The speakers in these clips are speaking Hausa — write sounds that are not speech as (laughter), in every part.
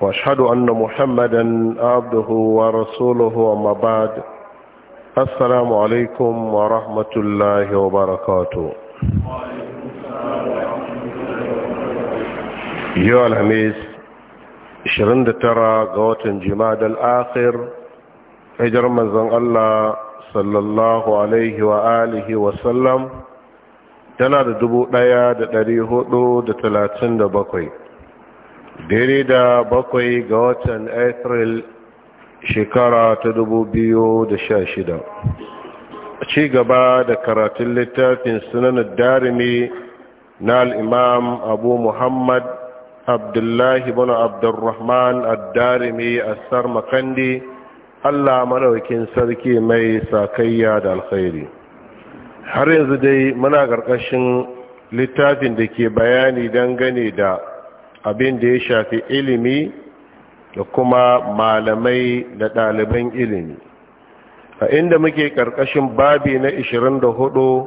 واشهد ان محمدا عبده ورسوله وما بعد السلام عليكم ورحمه الله وبركاته yau alhamis 29 ga watan jima'a al'akhir hijar manzon Allah sallallahu alaihi wa alihi wa sallam tana da bakwai. dare da bakwai ga watan april shekara ta dubu biyu da sha shida. ci gaba da karatun littafin sunanar darimi na al'imam abu muhammad abdullahi bin abdurrahman a darimi asar makandi allah maraukin sarki mai sakayya da alkhairi har yanzu dai muna ƙarƙashin littafin da ke bayani dangane da abin da ya shafi ilimi da kuma malamai da ɗaliban ilimi a inda muke ƙarƙashin babi na 24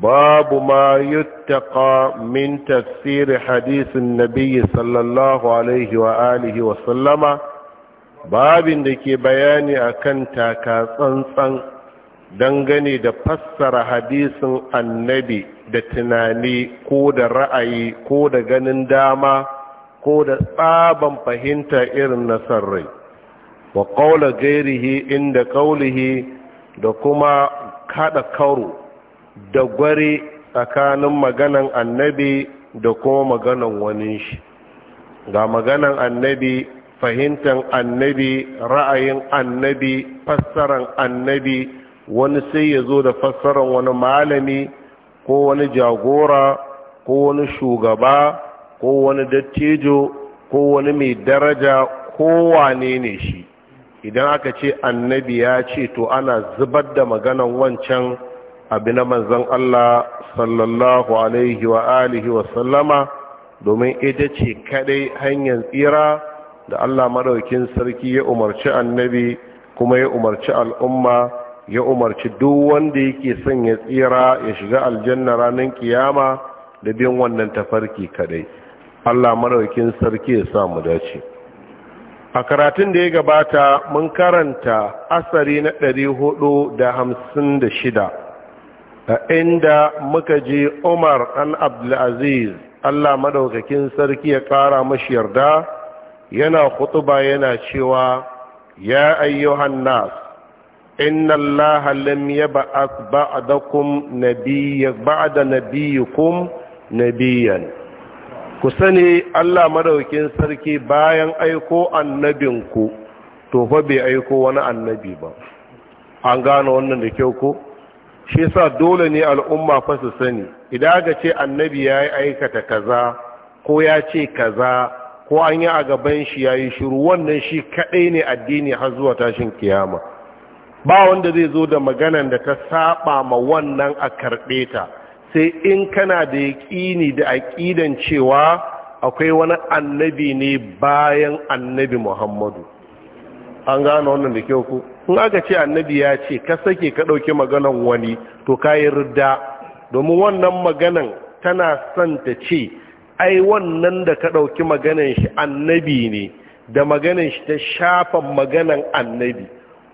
babu ma yuttaka min tafsiri hadisin nabiyyi sallallahu alaihi wa alihi wa sallama babin da ke bayani akan taka tsantsan dangane da fassara hadisin annabi da tunani ko da ra'ayi ko da ganin dama ko da tsaban fahimta irin na san rai wa ƙaula gairihi inda ƙaulihi da kuma kada karo da gwari tsakanin maganan annabi da kuma maganan wani shi ga maganan annabi fahimtan annabi ra'ayin annabi fassaran annabi wani sai ya zo da fassaran wani malami ko wani jagora ko wani shugaba ko wani dattijo ko wani mai daraja ko wane ne shi idan aka ce annabi ya ce to ana zubar da maganan wancan abi na manzon Allah sallallahu alaihi wa alihi wa sallama domin ita ce kadai hanyar tsira da Allah madaukin sarki ya umarci annabi kuma ya umarci al'umma ya umarci duk wanda yake son ya tsira ya shiga aljanna ranar kiyama da bin wannan tafarki kadai Allah maraukin sarki ya sa dace a karatun da ya gabata mun karanta asari na da hamsin 456 a inda muka je Umar an Abdulaziz Allah madaukakin sarki ya kara mashi yarda yana khutuba yana cewa ya ayyuhan nas inna allaha lam yab'ath ba'dakum nabiyyan ba'da nabiyikum nabiyyan ku sani Allah madaukin sarki bayan aiko annabinku to fa bai aiko wani annabi ba an gano wannan da kyau ko shi yasa dole ne al'umma fa su sani idan aka ce annabi yayi aikata kaza ko ya ce kaza ko an yi a gaban shi yayi shiru wannan shi kadai ne addini har zuwa tashin kiyama ba wanda zai zo da maganan da ta saba ma wannan a karɓe ta sai in kana da yaƙini da aƙidan cewa akwai wani annabi ne bayan annabi muhammadu an gano wannan da kyau ku in aka ce annabi ya ce ka sake ka ɗauki maganan wani to ka yi rida domin wannan maganan tana son ta ce ai wannan da ka ɗauki maganan shi annabi ne da maganan shi ta shafan maganan annabi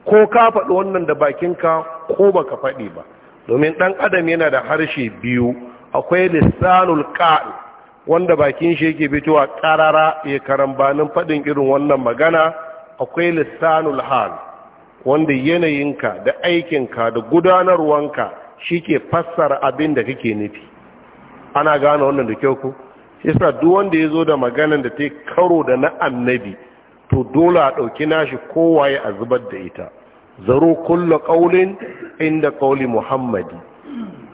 ko ka faɗi wannan da bakinka ko baka faɗi ba domin ɗan adam yana da harshe biyu akwai lissanul qa'il wanda bakin shi yake fitowa ƙarara ya karambanin faɗin irin wannan magana akwai lissanul hal wanda yanayinka da aikinka da gudanarwanka shi ke fassara abin da kake nufi ana gane wannan da kyau ku yasa duk wanda ya zo da maganan da ta yi karo da na annabi to dole a ɗauki nashi kowaye a zubar da ita zaro kulla ƙaunin inda ƙauli muhammadi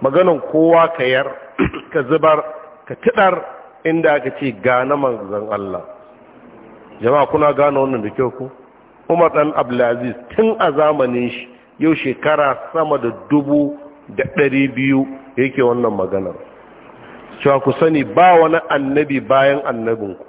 maganan kowa ka yar (clears throat) ka zubar ka tidar inda aka ce gane manzan Allah jama'a kuna gane wannan da kyau ku umar dan abdulaziz tun a zamanin shi yau shekara sama da dubu da ɗari biyu yake wannan maganar cewa ku sani ba wani annabi bayan annabinku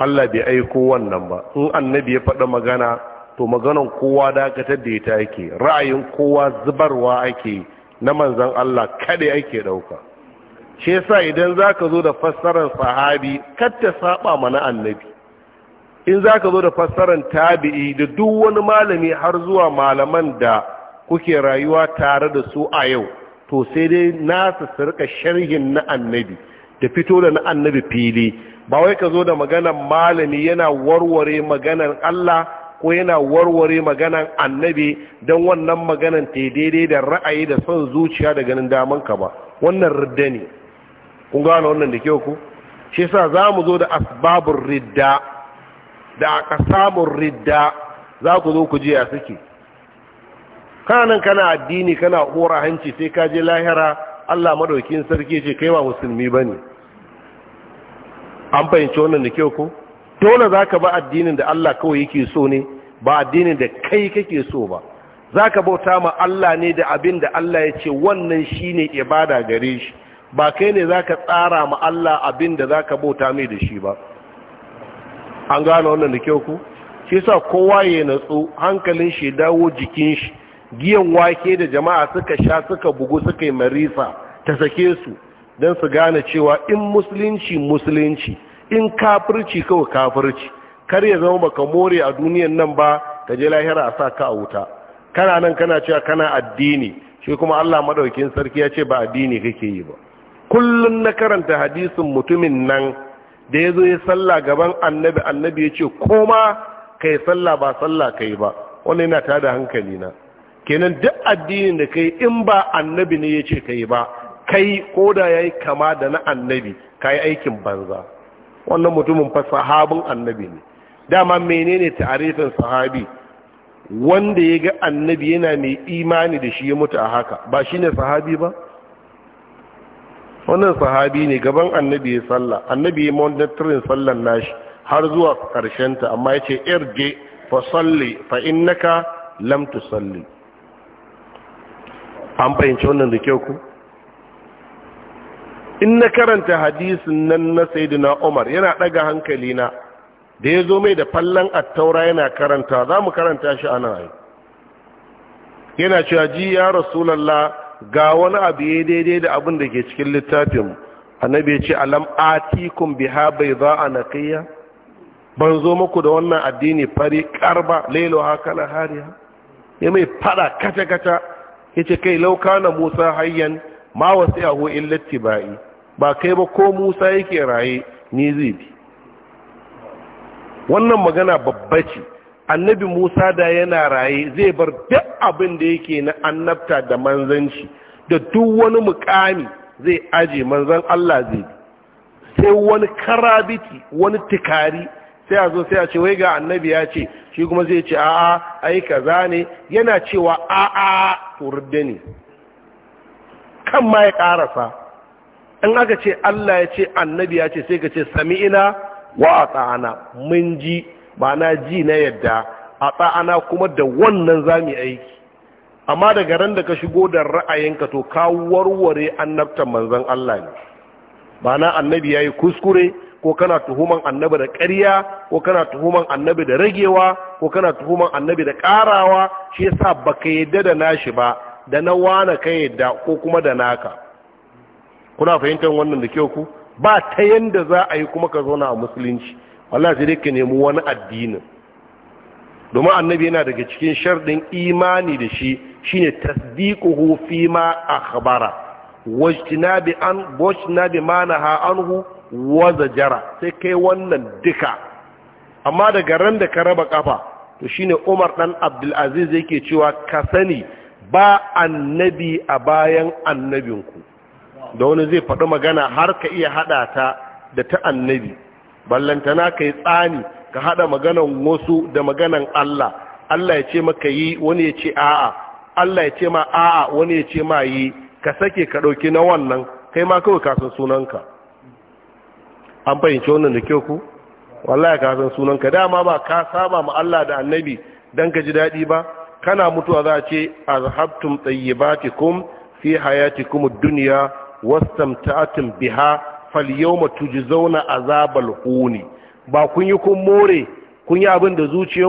Allah bai aiko wannan ba in annabi ya faɗa magana to maganan kowa dakatar da ita ake ra'ayin kowa zubarwa ake na manzan Allah kada ake ɗauka shi yasa idan zaka zo da fassarar sahabi katta saba mana annabi in zaka zo da fassarar tabi'i da duk wani malami har zuwa malaman da kuke rayuwa tare da su a yau to sai dai nasu su rika sharhin na annabi da fito da na annabi fili ba wai ka zo da maganan malami yana warware maganan Allah ko yana warware maganan annabi don wannan maganan ta daidai da ra'ayi da son zuciya da ganin damanka ba wannan ridda ne kun gano wannan da kyau ku shi sa za mu zo da asbabun ridda da aka samun ridda za ku zo ku je a suke kanan kana addini kana hora hanci sai ka je lahira Allah madaukin sarki ce kai ba musulmi bane an fahimci wannan da kyau ko dole zaka ba addinin da Allah kawai yake so ne ba addinin da kai kake so ba zaka bauta ma Allah ne da abin da Allah ya ce wannan shine ibada gare shi ba kai ne zaka tsara ma Allah abin da zaka bauta mai da shi ba an gano wannan da kyau ku shi yasa kowa ya natsu hankalin shi dawo jikin shi giyan wake da jama'a suka sha suka bugu suka yi marisa ta sake su don su gane cewa in musulunci musulunci in kafirci kawai kafirci kar ya zama baka more a duniyan nan ba ka je lahira a sa ka a wuta kana nan kana cewa kana addini shi kuma Allah madaukin sarki ya ce ba addini kake yi ba kullun na karanta hadisin mutumin nan da ya zo ya salla gaban annabi annabi ya ce koma kai sallah ba sallah kai ba wannan yana tada hankali na kenan duk addinin da kai in ba annabi ne ya ce ka yi ba kai koda ya yi kama da na annabi ka yi aikin banza wannan mutumin fa sahabin annabi ne dama menene tarifin sahabi wanda ya ga annabi yana mai imani da shi ya mutu a haka ba shi ne sahabi ba wannan sahabi ne gaban annabi ya sallah annabi ya monitorin sallan nashi har zuwa ta amma yace ce irje fa salli fa innaka lam tusalli an fahimci wannan da kyau ku in na karanta hadisin nan na saidina Umar yana ɗaga hankali na da ya zo mai da fallan attaura yana karanta za mu karanta shi a nan yana cewa ji ya rasulallah ga wani abu ya daidai da abin da ke cikin littafin annabi ya ce alam atikum biha bai za a naƙiya ban zo muku da wannan addini fari ƙarba lailo haka na hariya ya mai fada kata-kata yace kai lauka na musa hayyan ma wasu in illa tibai ba kai ba ko musa yake raye ni zai bi wannan magana babba ce annabi musa da yana raye zai bar duk abin da yake na annabta da manzanci da duk wani mukami zai aje manzan allah zai bi sai wani karabiti wani tikari sai a zo sai a ce wai ga annabi ya ce shi kuma zai ce a'a ai kaza ne yana cewa a'a turde ne kan ma ya karasa in aka ce Allah ya ce annabi ya ce sai ka ce sami'ina wa ata'ana mun ji ba na ji na yadda ata'ana kuma da wannan zamu aiki amma daga ran da ka shigo da ra'ayinka to ka warware annabtan manzon Allah ne ba na annabi yayi kuskure ko kana tuhuman annabi da ƙarya ko kana tuhuman annabi da ragewa ko kana tuhuman annabi da ƙarawa shi yasa baka yadda da nashi ba da na wana ka yadda ko kuma da naka kuna fahimtar wannan da kyau ku ba ta yanda za a yi kuma ka zauna a musulunci wallahi sai dai ka nemi wani addinin domin annabi yana daga cikin sharɗin imani da shi shine tasdiquhu fi ma akhbara wajtinabi an wajtinabi ma anhu waza jara sai kai wannan duka amma daga ran da ka raba kafa to shine Umar dan Abdulaziz yake cewa ka sani ba annabi a bayan annabinku da wani zai faɗi magana har ka iya haɗa ta da ta annabi ballantana ka tsani ka haɗa maganan wasu da maganan Allah Allah ya ce maka yi wani ya ce a'a Allah ya ce ma a'a wani ya ce ma yi ka sake ka ɗauki na wannan kai ma kawai kasan sunanka an fahimci wannan da kyau ku wallahi ka san sunan ka dama ba ka saba ma Allah da annabi dan ka ji dadi ba kana mutuwa za a ce azhabtum tayyibatikum fi hayatikum ad-dunya wastamta'tum biha falyawma tujzauna azabal huni ba kun yi kun more kun yi abin da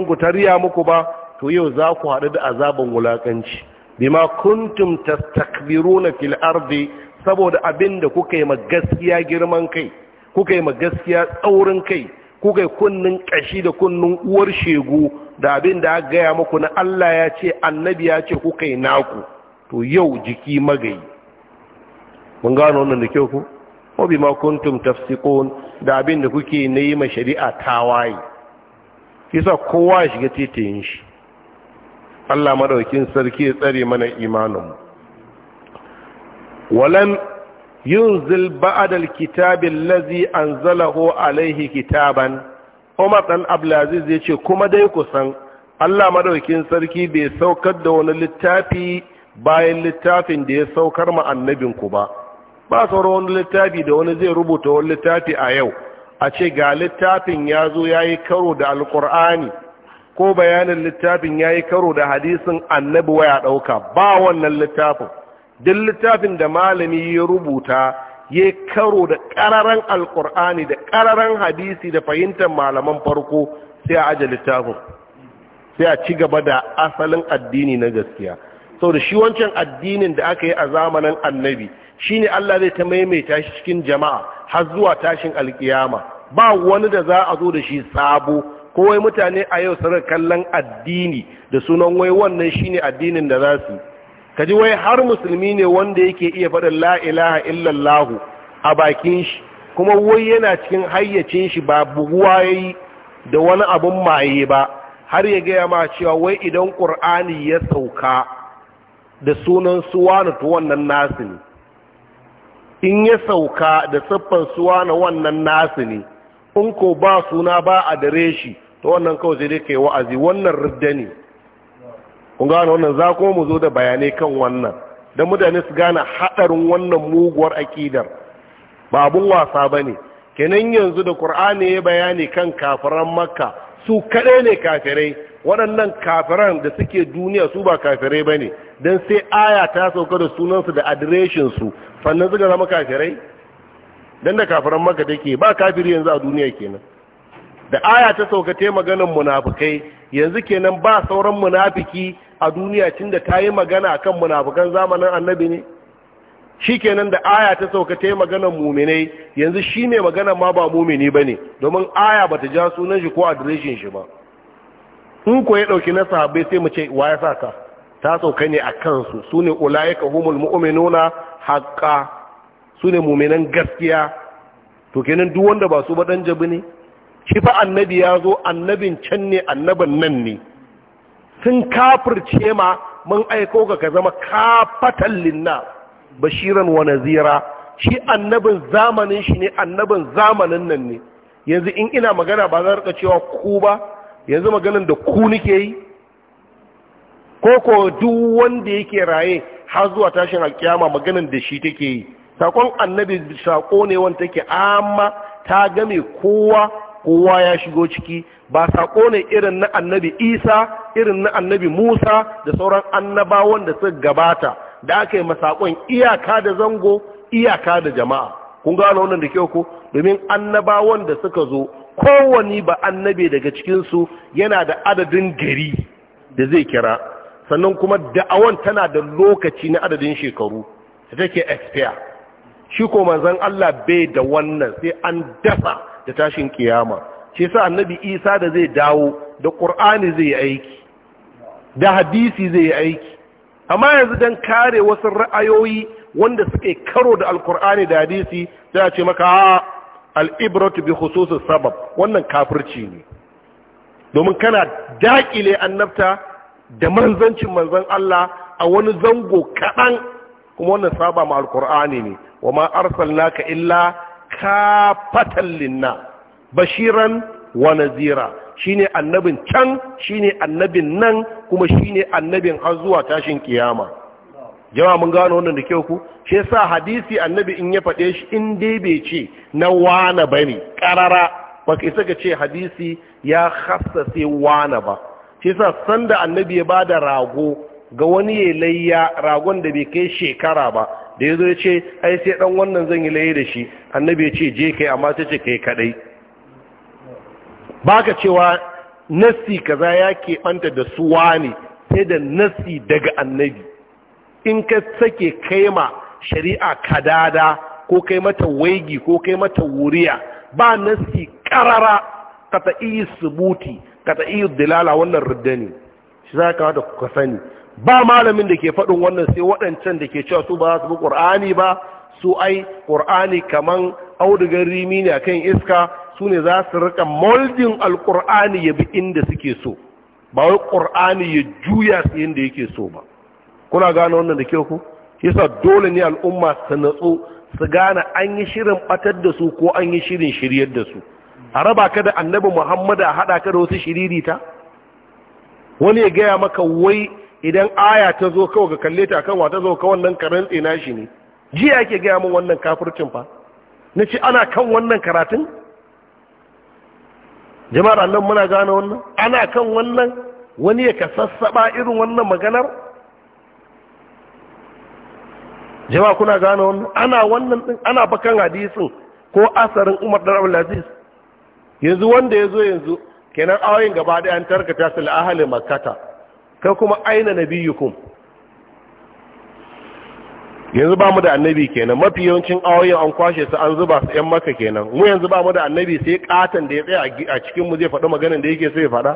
ku ta riya muku ba to yau za ku haɗu da azaban wulakanci bima kuntum tastakbiruna fil ardi saboda abinda kuka yi ma gaskiya girman kai kuka yi ma gaskiya tsaurin kai kuka yi kunnin ƙashi da kunnin uwar shegu da abin da aka gaya muku na Allah ya ce annabi ya ce kuka yi naku to yau jiki magayi mun gano wannan da kyau ku wabi ma kuntum tafsiqun da abin da kuke nayi ma shari'a tawaye kisa kowa ya shiga titiyin shi Allah madaukin sarki ya tsare mana imanin mu walan yunzil kitabin lazi allazi anzalahu alaihi kitaban Umar dan Abdulaziz yace kuma dai ku san Allah madaukin sarki bai saukar da wani littafi bayan littafin da ya saukar ma annabinku ba ba sauran wani littafi da wani zai rubuta wani littafi a yau a ce ga littafin ya zo ya yi karo da alkur'ani ko bayanin littafin ya yi karo da hadisin annabi waya ɗauka ba wannan littafin duk littafin da malami ya rubuta ya karo da ƙararan alƙur'ani da ƙararan hadisi da fahimtar malaman farko sai a aje littafin sai a ci gaba da asalin addini na gaskiya sau da shi wancan addinin da aka yi a zamanin annabi shi ne Allah zai ta maimaita shi cikin jama'a har zuwa tashin alkiyama ba wani da za a zo da shi sabo kowai mutane a yau sarar kallon addini da sunan wai wannan shi ne addinin da za su yi kaji wai har musulmi ne wanda yake iya faɗin la ilaha illallah a bakin shi kuma wai yana cikin hayyacin shi ba buguwa yayi da wani abin maye ba har ya gaya ma cewa wai idan ƙur'ani ya sauka da sunan suwana to wannan nasu ne in ya sauka da siffan suwana wannan nasu ne in ko ba suna ba a dare shi to wannan kawai sai dai kai wa'azi wannan ridda kun gane wannan za kuma mu zo da bayanai kan wannan don mutane su gane haɗarin wannan muguwar aƙidar ba abun wasa ba ne kenan yanzu da ƙur'ani ya bayani kan kafiran makka su kaɗai ne kafirai waɗannan kafiran da suke duniya su ba kafirai ba ne don sai aya ta sauka da sunansu da adireshinsu sannan suka zama kafirai don da kafiran makka take ba kafiri yanzu a duniya kenan da aya ta saukate maganan munafukai yanzu kenan ba sauran munafiki a duniya cin da ta yi magana a kan munafukan zamanin annabi ne shi kenan da aya ta saukate maganan muminai yanzu shi ne magana ma ba mumini ba ne domin aya ba ta ja sunan shi ko adireshin shi ba in ko ya ɗauki na sahabbai sai mu ce wa ya sa ka ta sauka ne a kansu su ne ulayika humul mu'minuna haƙƙa su ne muminan gaskiya to kenan duk wanda ba su ba ɗan jabi ne shi annabi ya zo annabin can ne annabin nan ne sun kafirce ma mun aiko ka ka zama kafatan linna bashiran wa nazira shi annabin zamanin shi ne annabin zamanin nan ne yanzu in ina magana ba za rika cewa ku ba yanzu maganin da ku nake yi ko ko duk wanda yake raye har zuwa tashin alkiyama maganin da shi take yi sakon annabi sako ne wanda take amma ta game kowa kowa ya shigo ciki ba saƙo ne irin na annabi isa irin na annabi musa da sauran annabawan da suka gabata da aka yi masakon iyaka da zango iyaka da jama'a kun gano wannan da kyau ko domin annabawan da suka zo kowani ba annabi daga cikinsu yana da adadin gari da zai kira sannan kuma da'awan tana da lokaci na adadin shekaru da take expire shi ko manzon Allah bai da wannan sai an dafa da tashin kiyama shi sa annabi isa da zai dawo da ƙur'ani zai yi aiki da hadisi zai yi aiki amma yanzu don kare wasu ra'ayoyi wanda suke karo da alkur'ani da hadisi sai a ce maka al'ibratu bi khususus sabab wannan kafirci ne domin kana daƙile annabta da manzancin manzan Allah a wani zango kaɗan kuma wannan saba ma alkur'ani ne wa ma arsalnaka illa kafatan linna bashiran wa nazira shine annabin can shine annabin nan kuma shine annabin har zuwa tashin kiyama jama'a mun gano wannan da kyau ku shi yasa hadisi annabi in ya fade shi in dai bai ce na wana bane karara ba kai saka ce hadisi ya khassase wana ba shi yasa sanda annabi ya bada rago ga wani ya layya ragon da bai kai shekara ba da ya zo ya ce ai sai dan wannan zan yi laye da shi annabi ya ce je kai amma ta ce kai kadai baka cewa nassi kaza ya keɓanta da suwa ne sai da nassi daga annabi in ka sake kaima shari'a kadada ko kai mata waigi ko kai mata wuriya ba nassi karara kata iya subuti kata iya dalala wannan ruddani shi za ka wata ku sani ba malamin da ke faɗin wannan sai waɗancan da ke cewa su ba su bi ƙur'ani ba su ai ƙur'ani kaman audugar rimi ne akan iska su ne za su rika moldin alƙur'ani ya bi inda suke so ba wai ƙur'ani ya juya su yadda yake so ba kuna gane wannan da ke ku yasa dole ne al'umma su natsu su gane an yi shirin batar da su ko an yi shirin shiryar da su a raba ka da annabi muhammad a haɗa ka da wasu shiririta wani ya gaya maka wai idan aya ta zo kawai ga kalle ta kan wata zo ka wannan karan tsina shi ne jiya yake gaya min wannan kafircin fa na ce ana kan wannan karatun jama'ar allon muna gane wannan ana kan wannan wani ya ka sassaɓa irin wannan maganar jama'a kuna gane wannan ana wannan din ana bakan hadisin ko asarin umar dan abdulaziz yanzu wanda ya zo yanzu kenan awayin gaba ɗaya an tarkata su la'ahalin makata kai kuma aina nabiyukum yanzu ba mu da annabi kenan mafi yawancin ayoyin an kwashe su an zuba su yan maka kenan mu yanzu ba mu da annabi sai katan da ya tsaya a cikin mu zai faɗi maganar da yake so ya faɗa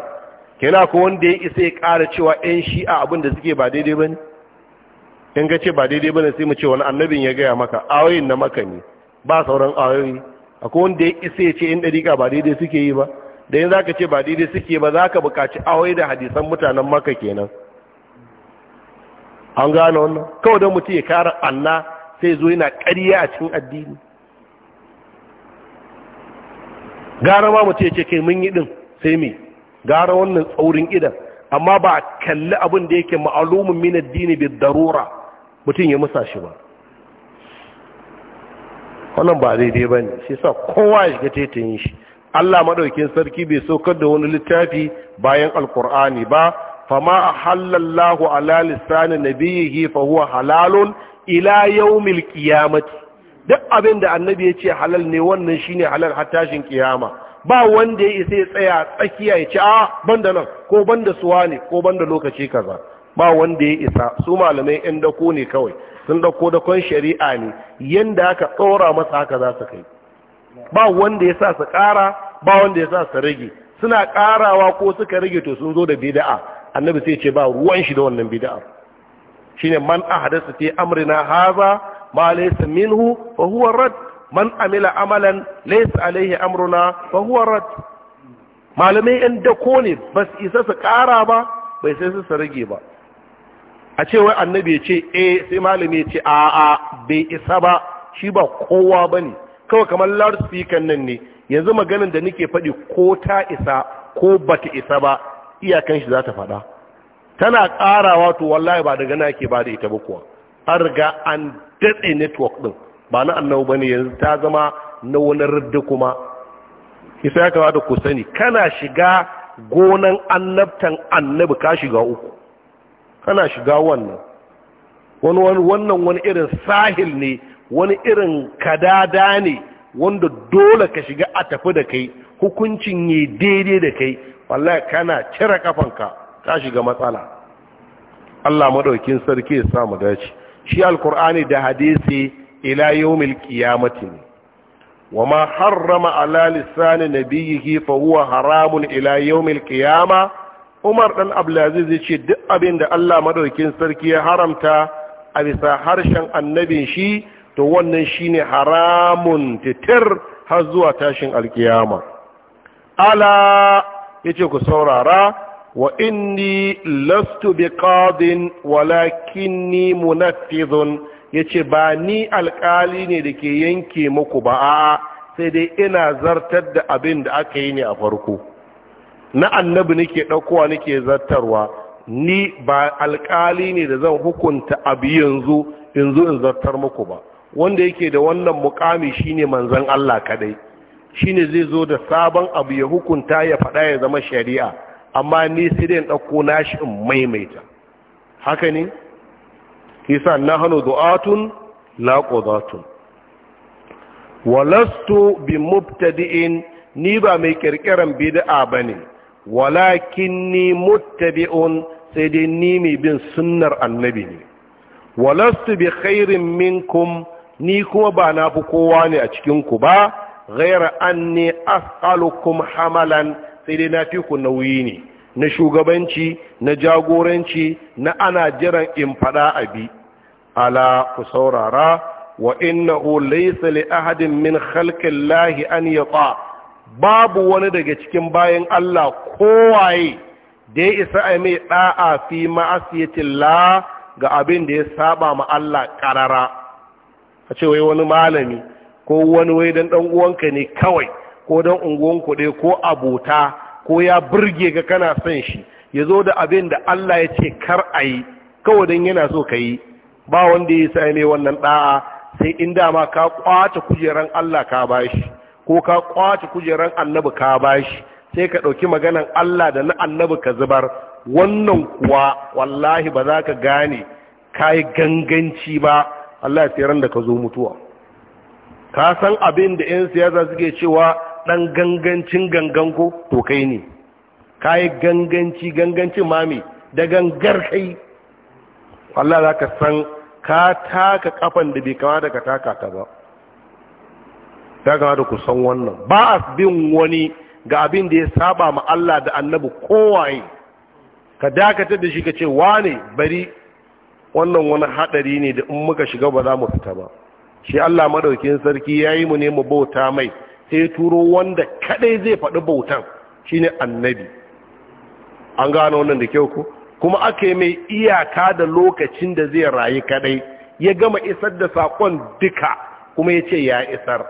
kenan ko wanda ya isa ya ƙara cewa ɗan shi'a abin da suke ba daidai bane in ga ce ba daidai bane sai mu ce wani annabin ya gaya maka ayoyin na maka ne ba sauran ayoyi akwai wanda ya isa ya ce yan dariƙa ba daidai suke yi ba da yin za ka ce ba daidai suke ba za ka buƙaci awai da hadisan mutanen maka kenan an gano wannan kawai don mutum ya kara anna sai zo yana ƙarya a cikin addini gara ma mutum ya ce kai mun yi din sai me gara wannan tsaurin idan amma ba kalli abin da yake ma'alumin min addini bi darura mutum ya musa shi ba wannan ba daidai ba ne shi sa kowa ya shiga tetayin shi Allah madaukin sarki bai saukar da wani littafi bayan alkur'ani ba fama halallahu ala lisani nabiyihi fa huwa halalun ila yawmil qiyamati duk abin da annabi ya ce halal ne wannan shine halal har tashin kiyama ba wanda ya isa ya tsaya tsakiya ya ce a banda nan ko banda suwa ne ko banda lokaci kaza ba wanda ya isa su malamai yan dako ne kawai sun dako dakon shari'a ne yanda aka tsora masa haka za su kai ba wanda ya sa su ƙara ba wanda ya sa su rage suna ƙarawa ko suka rage to sun zo da bida'a annabi sai ce ba ruwan shi da wannan bida'a shine man ahdatha fi amrina haza ma laysa minhu fa huwa rad man amila amalan laysa alayhi amruna fa huwa rad malamai da ko ne ba su isa su ƙara ba bai sai su rage ba a ce wai annabi ya ce eh sai malami ya ce a'a bai isa ba shi ba kowa bane kawai kamar loudspeaker nan ne yanzu maganin da nake faɗi ko ta isa ko bata isa ba iyakan shi za ta faɗa tana ƙarawa to wallahi ba daga nake ba da ita ba kuwa an riga an datse network ɗin ba na annabu ba ne yanzu ta zama na wani rudda kuma isa ya kamata ku sani kana shiga gonan annabtan annabi ka shiga uku kana shiga wannan wani wannan wani irin sahil ne wani irin kadada ne wanda dole ka shiga a tafi da kai hukuncin yi daidai da kai wallahi kana cire kafanka ka shiga matsala Allah madaukin sarki ya samu dace shi alqur'ani da hadisi ila yawmil qiyamati Wa ma harrama ala lisan nabiyhi fa huwa haramun ila yawmil qiyama Umar dan Abdulaziz ce duk abin da Allah madaukin sarki ya haramta a bisa harshen annabin shi to wannan shine haramun titir har zuwa tashin alkiyama ala yace ku saurara wa inni lastu biqadin walakinni munaffidhun yace ba ni alkali ne da ke yanke muku ba a sai dai ina zartar da abin da aka yi ne a farko na annabi nake ɗaukowa nake zartarwa ni ba alkali ne da zan hukunta abu yanzu in in zartar muku ba wanda yake da wannan mukami shine manzon Allah kadai shine zai zo da sabon abu ya hukunta ya faɗa ya zama shari'a amma ni sai dai ɗauko nashi in maimaita haka ne kisa nahnu du'atun la qudatun walastu bi mubtadi'in ni ba mai kirkiran bid'a bane walakinni muttabi'un sai dai ni mai bin sunnar annabi ne walastu bi khairin minkum ni kuma ba na fi kowa ne a cikinku ba ghaira an ne as'alukum hamalan sai dai na fi ku nauyi ne na shugabanci na jagoranci na ana jiran in fada abi ala ku saurara wa innahu laysa li ahadin min khalqillahi an yata babu wani daga cikin bayan Allah kowaye da ya isa a mai ɗa'a fi ma'asiyatillah ga abin da ya saba ma Allah ƙarara a ce wai wani malami ko wani wai dan dan uwanka ne kawai ko dan unguwanku dai ko abota ko ya burge ka kana son shi ya zo da abin da Allah ya ce kar a kawai dan yana so ka ba wanda ya sai ne wannan da'a sai in dama ka kwace kujeran Allah ka bashi ko ka kwace kujeran annabi ka bashi sai ka ɗauki maganan Allah da na annabi ka zubar wannan kuwa wallahi ba za ka gane ka ganganci ba Allah ya ran da ka zo mutuwa ka san abin da 'yan siyasa suke cewa ɗan gangancin gangan ko to kai ne ka yi ganganci gangancin mami da gangar kai Allah za ka san ka taka kafan da bai kama da ka taka ta ba ta gama da kusan wannan ba a bin wani ga abin da ya saba ma Allah da annabi kowaye ka dakatar da shi ka ce wane bari wannan wani hadari ne da in muka shiga ba za mu fita ba shi Allah madaukin sarki yayi mu ne mu bauta mai sai turo wanda kaɗai zai faɗi bautan shine annabi an gano wannan da kyau ko kuma ake mai iyaka da lokacin da zai rayu kaɗai ya gama isar da sakon duka kuma ya ce ya isar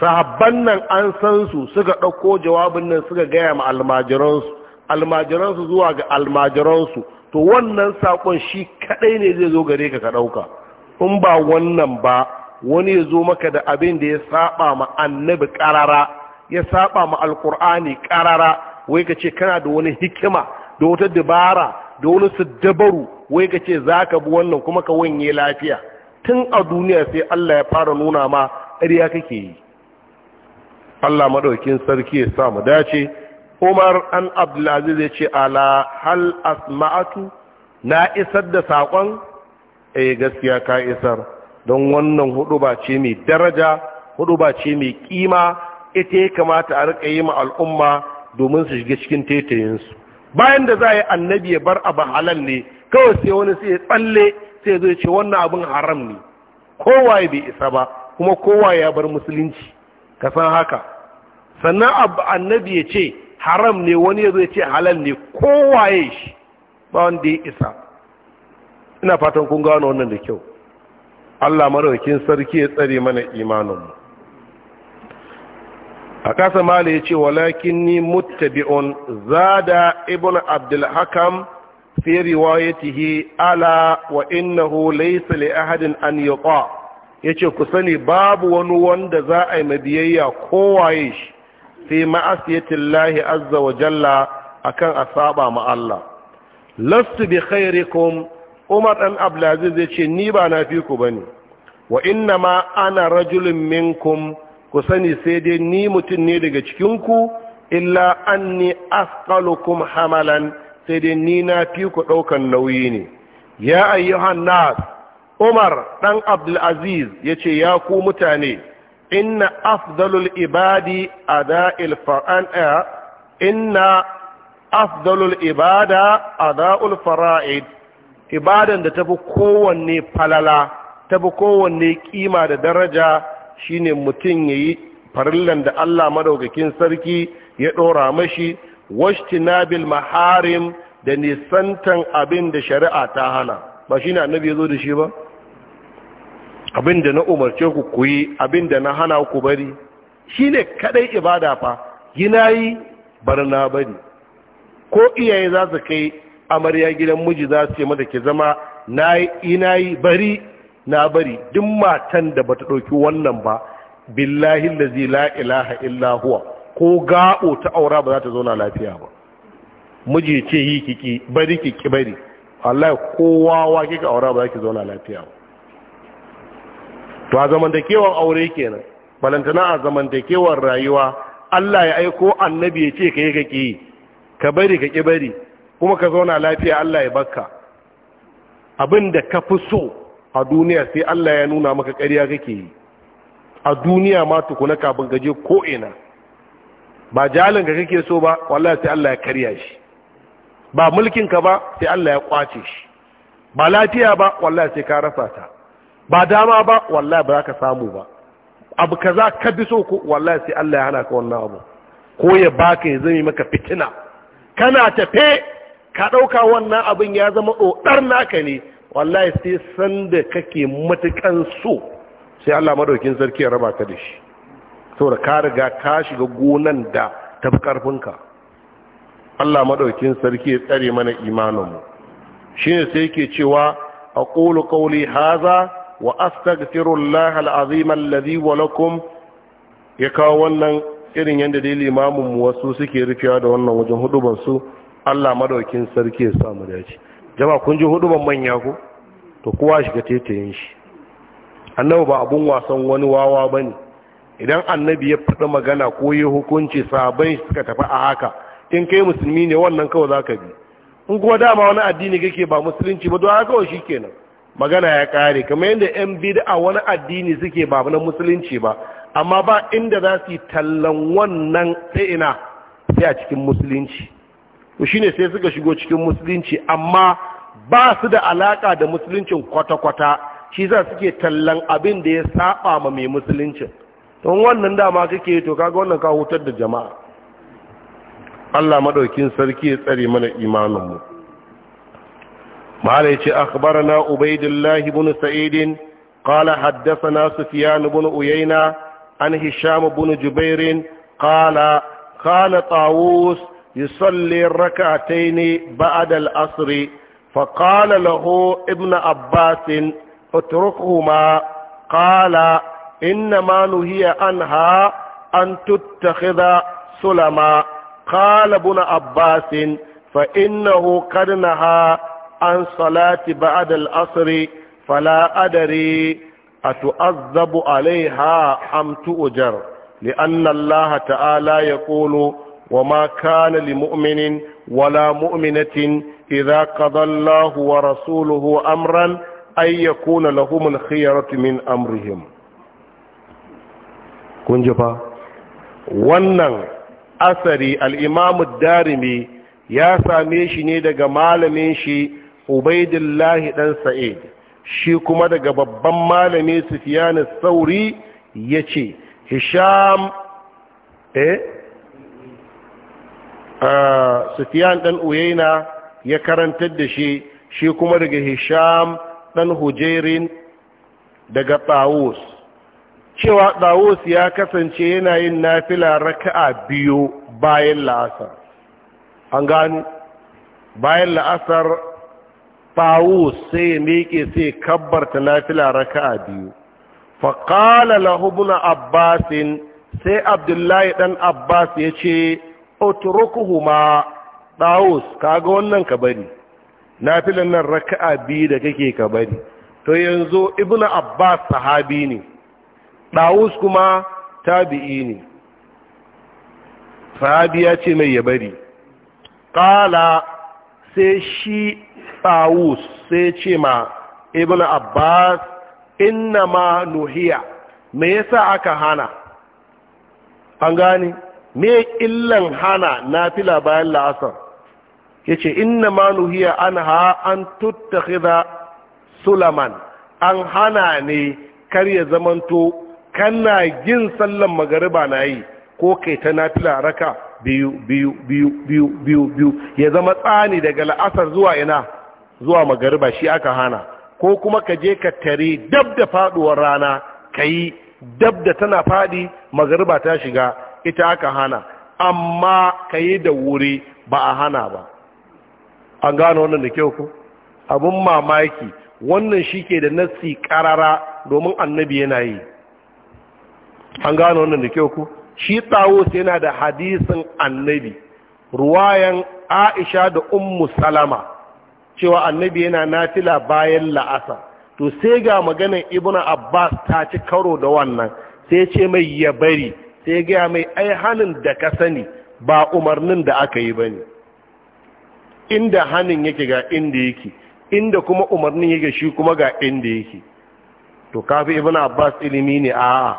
sahabban nan an san su suka ɗauko jawabin nan suka gaya ma almajiransu almajiransu zuwa ga almajiransu to wannan sakon shi kadai ne zai zo gare ka ka dauka in ba wannan ba wani ya zo maka da abin da ya saba ma annabi karara ya saba ma alkur'ani karara wai ka ce kana da wani hikima da wata dabara da wani siddabaru wai ka ce za ka bi wannan kuma ka wanye lafiya tun a duniya sai Allah ya fara nuna ma ƙarya kake yi Allah maɗaukin sarki ya sa mu dace umar an abdulaziz ya ce ala hal asma'atu na isar da saƙon yi eh, gaskiya ka isar don wannan hudu ba ce mai daraja hudu ba ce mai kima ita ya kamata a rika yi ma al'umma domin su shiga cikin taitayinsu bayan da za a yi annabi ya bar abu halal ne kawai sai wani sai ya tsalle sai zai ce wannan abin haram ne kowa ya bai isa ba kuma kowa ya bar musulunci kasan haka sannan abu annabi ya ce haram ne wani ya zai ce halal ne kowaye shi ba wanda ya isa ina fatan kun gano wannan da kyau Allah maraukin sarki ya tsare mana imaninmu a kasa mala ya ce walakin ni mutabi'un zada ibn abdulhakam fi riwayatihi ala wa innahu laysa li ahadin an yuqa yace ku sani babu wani wanda za a yi mabiyayya kowaye shi fi ma'asiyatillahi azza wa jalla akan asaba ma Allah lastu bi khairikum Umar dan Abdulaziz ya ce ni ba na fi ku bane wa inna ma ana rajulun minkum ku sani sai dai ni mutum ne daga cikin ku illa anni asqalukum hamalan sai dai ni na fi ku daukan nauyi ne ya ayyuhan nas Umar dan Abdulaziz ya ce ya ku mutane inna afdalul ibadi ada'il fara'a eh, inna ibada ada'ul fara'id ibadan da tafi kowanne falala tafi kowanne kima da daraja shine mutum yayi farillan da Allah madaukakin sarki ya dora mashi wajtinabil maharim da nisantan abin da shari'a ta hana ba shine annabi yazo da shi ba Abin da na umarce ku ku yi da na hana ku bari shi ne kadai ibada fa gina yi barna bari ko iyaye za su kai amarya gidan miji za su ce mata ki zama na yi bari na bari duk matan da bata ɗauki wannan ba billahi allazi la ilaha illa huwa ko gaɓo ta aura ba za ta zauna lafiya ba miji ce yi kiki bari kiki bari wallahi kowa wa kika aura ba za ki zauna lafiya ba to a zamantakewar aure kenan balantana a zamantakewar rayuwa Allah ya aiko annabi ya ce ka yi ka ƙi ka bari ka ƙi bari kuma ka zauna lafiya Allah ya bakka abin da ka fi so a duniya sai Allah ya nuna maka ƙarya kake yi a duniya ma tukuna kafin gaje ko'ina ba jalinka kake so ba wallahi sai Allah ya karya shi ba mulkinka ba sai Allah ya kwace shi ba lafiya ba wallahi sai ka rasa ta ba dama ba wallahi ba za ka samu ba abu kaza ka bi so ku wallahi sai Allah ya hana ka wannan abu ko ya baka ya zami maka fitina kana tafe ka ɗauka wannan abin ya zama ɗoɗar naka ne wallahi sai sanda kake matukan so sai Allah madaukin sarki ya raba ka da shi saboda ka riga ka shiga gonan da tafi karfinka Allah madaukin sarki ya tsare mana imanin mu shine sai yake cewa aqulu qawli hadha wa astaghfirullah alazim alladhi wa lakum ya kawo wannan irin yadda dai limamin wasu suke rufewa da wannan wajen huduban su Allah madaukin sarki ya sa mu dace jama'a kun ji huduban manya ko to kowa shiga tetayen shi annabi ba abun wasan wani wawa bane idan annabi ya faɗi magana ko ya hukunci sahabbai suka tafi a haka in kai musulmi ne wannan kawai zaka bi in kuma dama wani addini kake ba musulunci ba to haka kawai shikenan magana ya kare kamar yadda yan a wani addini suke ba na musulunci ba amma ba inda za su yi tallan wannan sai ina sai a cikin musulunci shi shine sai suka shigo cikin musulunci amma ba su da alaka da musuluncin kwata-kwata shi za suke tallan abin da ya saba ma mai musuluncin don wannan dama kake to kaga wannan ka hutar da jama'a Allah madaukin sarki ya tsare mana imaninmu mu مالي أخبرنا أبيد الله بن سعيد قال حدثنا سفيان بن أيينا عن هشام بن جبير قال قال طاووس يصلي الركعتين بعد العصر فقال له ابن عباس اتركهما قال إنما نهي عنها أن تتخذ سلما قال ابن عباس فإنه قد نهى an salati ba'ad al-asr fala adari atu'azzabu alaiha am tu'jar li'anna Allah ta'ala yaqulu وما كان لمؤمن ولا مؤمنة إذا قضى الله ورسوله أمرا أن يكون لهم الخيرة من أمرهم kunjifa wannan asari al'imamu darimi ya same shi ne daga malamin shi ubaidillahi dan sa'id shi kuma daga babban malami sufyan sauri yace hisham eh ah, sufyan dan uyaina ya karantar da shi shi kuma daga hisham dan hujairin daga tawus cewa tawus ya kasance yana yin nafila raka'a biyu bayan la'asar an gani bayan la'asar tawus sai ya miƙe sai kabbarta nafila raka'a biyu faƙala lahubuna abbasin sai abdullahi ɗan abbas ya ce ma ɗawus kaga wannan ka bari nafilan nan raka'a biyu da kake ka bari to yanzu ibuna abbas sahabi ne ɗawus kuma tabi'i ne sahabi ya ce mai ya bari ƙala sai shi tsawus sai ce ma ibn abbas inna ma nuhiya me yasa aka hana an gane me illan hana nafila bayan la'asar yace inna ma nuhiya anha an tuttakhidha sulaman an hana ne kar ya zamanto kana gin sallan magariba na yi ko kai ta nafila raka biyu biyu biyu biyu biyu ya zama tsani daga la'asar zuwa ina zuwa magariba shi aka hana ko kuma ka je ka tare dab da faduwar rana ka yi dab da tana fadi magariba ta shiga ita aka hana amma ka yi da wuri ba a hana ba an gano wannan da kyau ku abin mamaki wannan shi ke da nassi karara domin annabi yana yi an gano wannan da kyau ku shi tsawo yana da hadisin annabi ruwayan aisha da ummu salama cewa annabi yana nafila bayan la'asa, to sai ga maganar ibnu abbas ta ci karo da wannan sai ce mai ya bari sai ga mai ai hanin da ka sani ba umarnin da aka yi bane inda hanin yake ga inda yake inda kuma umarnin yake shi kuma ga inda yake to kafi ibnu abbas ilimi ne a'a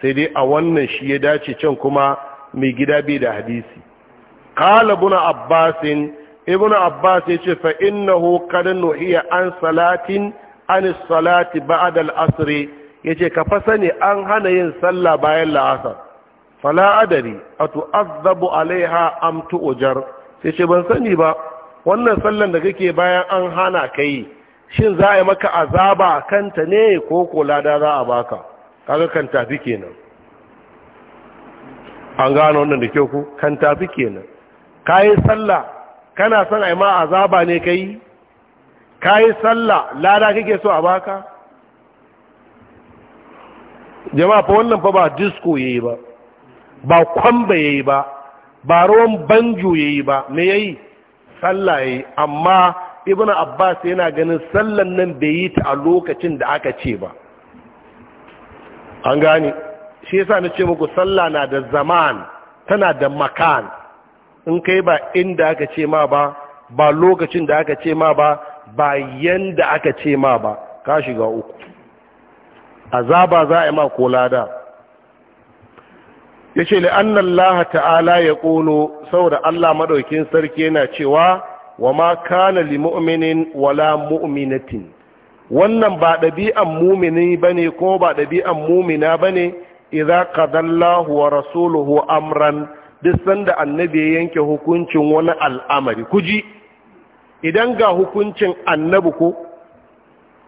sai dai a wannan shi ya dace can kuma mai gida bai da hadisi qala ibnu abbasin ibn abbas ya ce fa innahu qad nuhiya an salatin an salati ba'da al-asr yace ka fa sani an hana yin sallah bayan la'asar fala adari atu'azzabu alaiha am tu'jar sai ce ban sani ba wannan sallan da kake bayan an hana kai shin za a yi maka azaba kanta ne ko ko lada za a baka kaga kan tafi kenan an gano wannan da kyau ku kan tafi kenan kayi sallah kana son a ma azaba ne kai ka yi sallah lada kake so a baka jama'a fa wannan fa ba disko ya yi ba ba kwamba ya yi ba ba ruwan banjo ya yi ba me ya yi sallah ya yi amma ibn abbas yana ganin sallan nan bai yi ta a lokacin da aka ce ba an gane shi yasa na ce muku sallah na da zaman tana da makan in kai ba inda aka ce ma ba ba lokacin da aka ce ma ba ba yanda aka ce ma ba ka shiga uku azaba za a yi ma ko lada ya ce li'annallaha ta'ala ya ƙono saboda Allah maɗaukin sarki yana cewa wa ma kana li wala mu'minatin wannan ba ɗabi'an mumini ba ko ba ɗabi'an mumina bane ne idza qadallahu wa rasuluhu amran duk sanda annabi ya yanke hukuncin wani al'amari kuji idan ga hukuncin annabi ko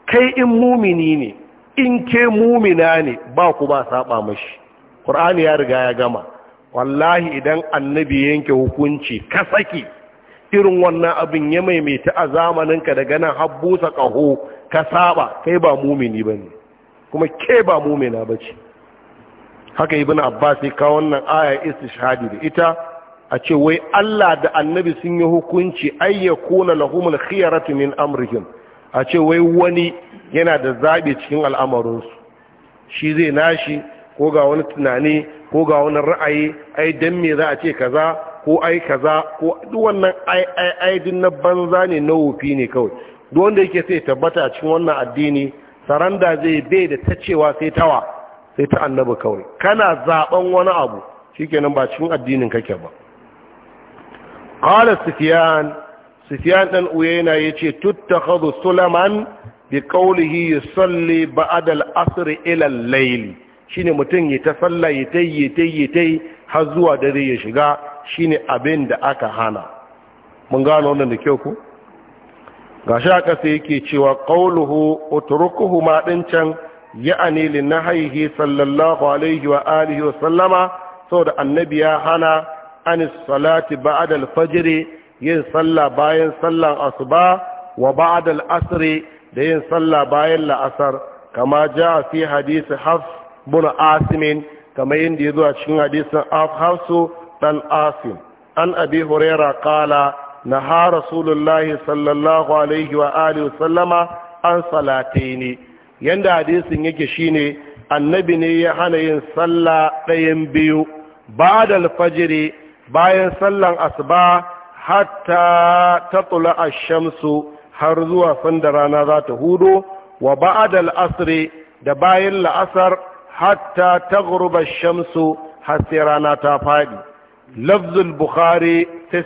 kai in mumini ne in ke mumina ne ba ku ba saba mashi ƙur'ani ya riga ya gama wallahi idan annabi ya yanke hukunci ka saki irin wannan abin ya maimaita a zamaninka daga nan habbusa ƙaho ka saba kai ba mumini ba ne kuma ke ba mumina ba ce haka ibn abbas ya kawo wannan aya istishhadi da ita a ce wai Allah da annabi sun yi hukunci kuna lahumul khiyaratu min amrihim a ce wai wani yana da zabe cikin al'amarinsu shi zai nashi ko ga wani tunani ko ga wani ra'ayi ai dan me za a ce kaza ko ai kaza ko wannan ai ai ai din na banza ne na wufi ne kawai duk wanda yake sai tabbata cikin wannan addini saranda zai bai da tacewa sai tawa sai ta annabi kawai kana zaben wani abu shi kenan ba cikin addinin kake ba qala sufyan sufyan dan uyayna yace tuttakhadhu sulaman bi qawlihi yusalli ba'da al-asr ila al-layl shine mutum ya ta salla ya tayi tayi tayi har zuwa dare ya shiga shine abin da aka hana mun gano wannan da kyau ko gashi aka sai yake cewa qawluhu utrukuhu ma din can ya'ani li nahyihi sallallahu alaihi wa alihi wa sallama saboda annabi ya hana an salati fajiri yin sallah bayan sallan asuba wa ba'da al da yin sallah bayan la'asar kama jaa fi hadisi hafs bin asim kama yanda yazo a cikin hadisin hafsu ɗan asim an abi huraira qala naha rasulullahi sallallahu alaihi wa alihi wa sallama an salataini yanda hadisin yake shine annabi ne ya hana yin sallah ɗayan biyu ba da alfajiri bayan sallan asuba hatta ta tula a shamsu har zuwa sanda rana za ta hudu wa ba'ad al'asri da bayan la'asar hatta ta gurba shamsu har sai rana ta faɗi lafzul bukhari fi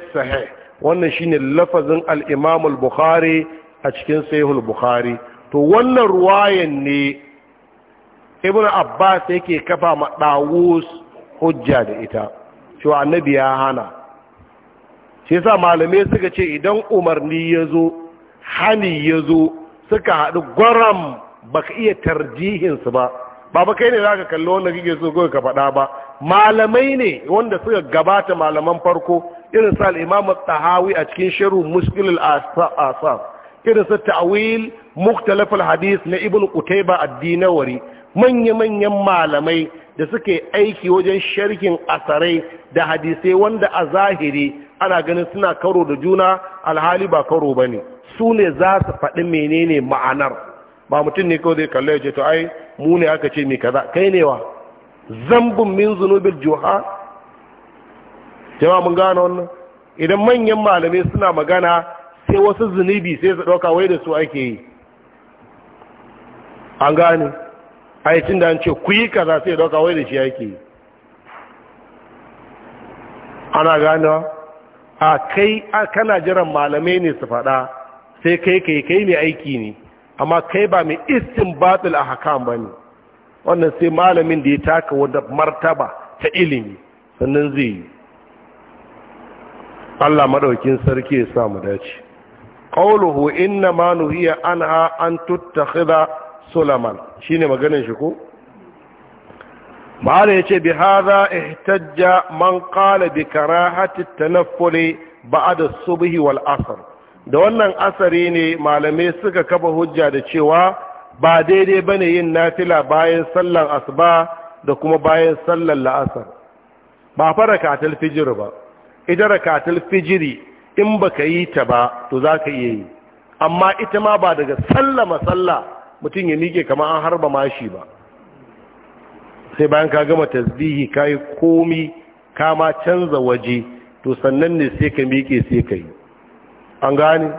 wannan shine lafazin al bukhari a cikin sahihul bukhari to wannan ruwayan ne ibn abbas yake kafa ma dawus hujja da ita cewa annabi ya hana shi yasa malamai suka ce idan umarni ya zo hani yazo suka haɗu gwaram baka iya tarjihinsu ba ba ba kai ne za ka kalli wanda kike so kawai ka faɗa ba malamai ne wanda suka gabata malaman farko irin sa al'imamu tahawi a cikin shirin muskilul asaf irin su ta'awil muktalafal hadis na ibn qutayba ad-dinawari manya-manyan malamai da suke aiki wajen sharhin asarai da hadisai wanda a zahiri ana ganin suna karo da juna alhali ba karo ba ne su ne za su faɗi menene ma'anar ba mutum ne kawai zai kalla ya ce to ai mu ne aka ce mai kaza kai ne wa zambun min zunubin juha jama'a mun gano wannan idan manyan malamai suna magana sai wasu zunubi sai su ɗauka wai da su ake yi an gane haicin da an ce ku yi kaza sai ɗauka wai da shi ake yi ana wa? a kai a kana jiran malamai ne su faɗa sai kai kai kai ne aiki ne amma kai ba mai istin batul a hakan ba ne wannan sai malamin da ya taka wadda martaba ta ilimi sannan zai yi Allah maɗaukin sarki ya samu dace qawluhu inna ma nuhiya anha an tuttakhidha sulaman shine maganar shi ko ma'ana yace bi hadha ihtajja man qala bi karahati at-tanaffuli ba'da as-subhi wal asr da wannan asari ne malamai suka kafa hujja da cewa ba daidai bane yin nafila bayan sallan asuba da kuma bayan Sallar la'asar ba fa rakatul fijir ba ita rakatul fijiri in baka yi ta ba to za ka iya yi amma ita ma ba daga sallama sallah mutum ya miƙe kamar an harba mashi ba sai bayan ka gama tasbihi ka yi komi ka ma canza waje to sannan ne sai ka miƙe sai ka yi an gane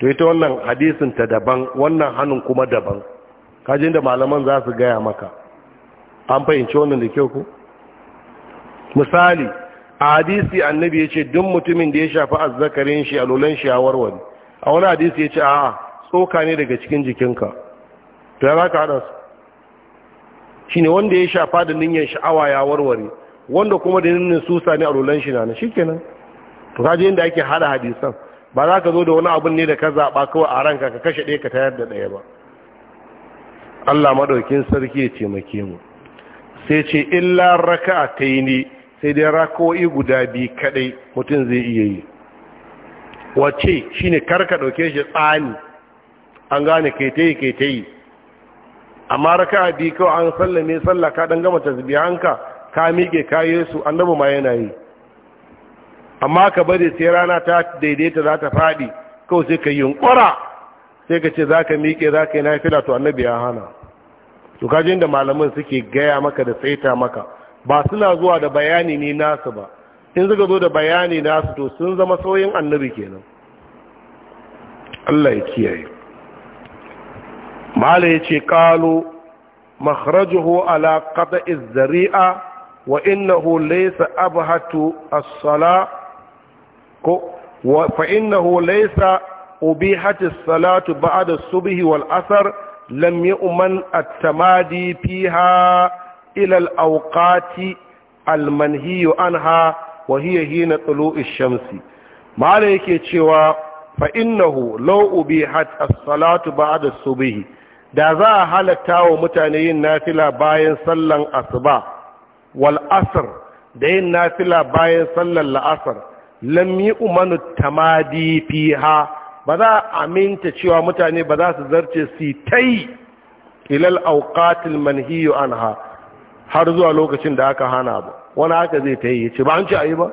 to ita wannan hadisin ta daban wannan hannun kuma daban kajin da malaman za su gaya maka an fahimci wannan da kyau ku misali a hadisi annabi ya ce duk mutumin da ya shafi azzakarin shi alulan shi ya warware a wani hadisi ya ce a tsoka ne daga cikin jikinka to ya za ka haɗa su shi ne wanda ya shafa da niyyar sha'awa ya warware wanda kuma da ninyan susa ne alulan shi na shi kenan to kaji da ake haɗa hadisan ba za ka zo da wani abin ne da ka zaɓa kawai a ranka ka kashe ɗaya ka tayar da ɗaya ba Allah maɗaukin sarki ya ke mu sai ce illa raka'a ta yi ne sai dai rakowai guda biyu kadai mutum zai iya yi wace shine karka dauke shi tsani an gane kaitai yi. amma raka biyu kawai an sallame salla ka dan gama tasbihanka ka miƙe ka su annabi ma yana yi amma ka bari sai rana ta daidaita za ta faɗi kawai sai ka yi yunƙura sai ka ce za ka miƙe za ka yi na nafila to annabi ya hana to kajin da malaman suke gaya maka da tsaita maka ba suna zuwa da bayani ne nasu ba in suka zo da bayani nasu to sun zama sauyin annabi kenan Allah ya kiyaye mala ya ce kalu makhrajuhu ala az zari'a wa innahu laysa abhatu as-sala ko fa innahu laysa ubihatu as-salatu ba'da as-subhi wal-asr lam yu'man at-tamadi fiha ilal aukati almanhiyu anha wa hiya hina tulu'i shamsi mala yake cewa fa innahu law asalatu as-salatu ba'da subhi da za a halatta wa mutane yin nafila bayan sallan asuba wal da yin nafila bayan sallar la'asar lam yu'manu tamadi fiha ba za a aminta cewa mutane ba za su zarce su tai ilal aukatin manhiyu anha har zuwa lokacin da aka hana ba wani haka zai ta yi ya ce ba an ce a yi ba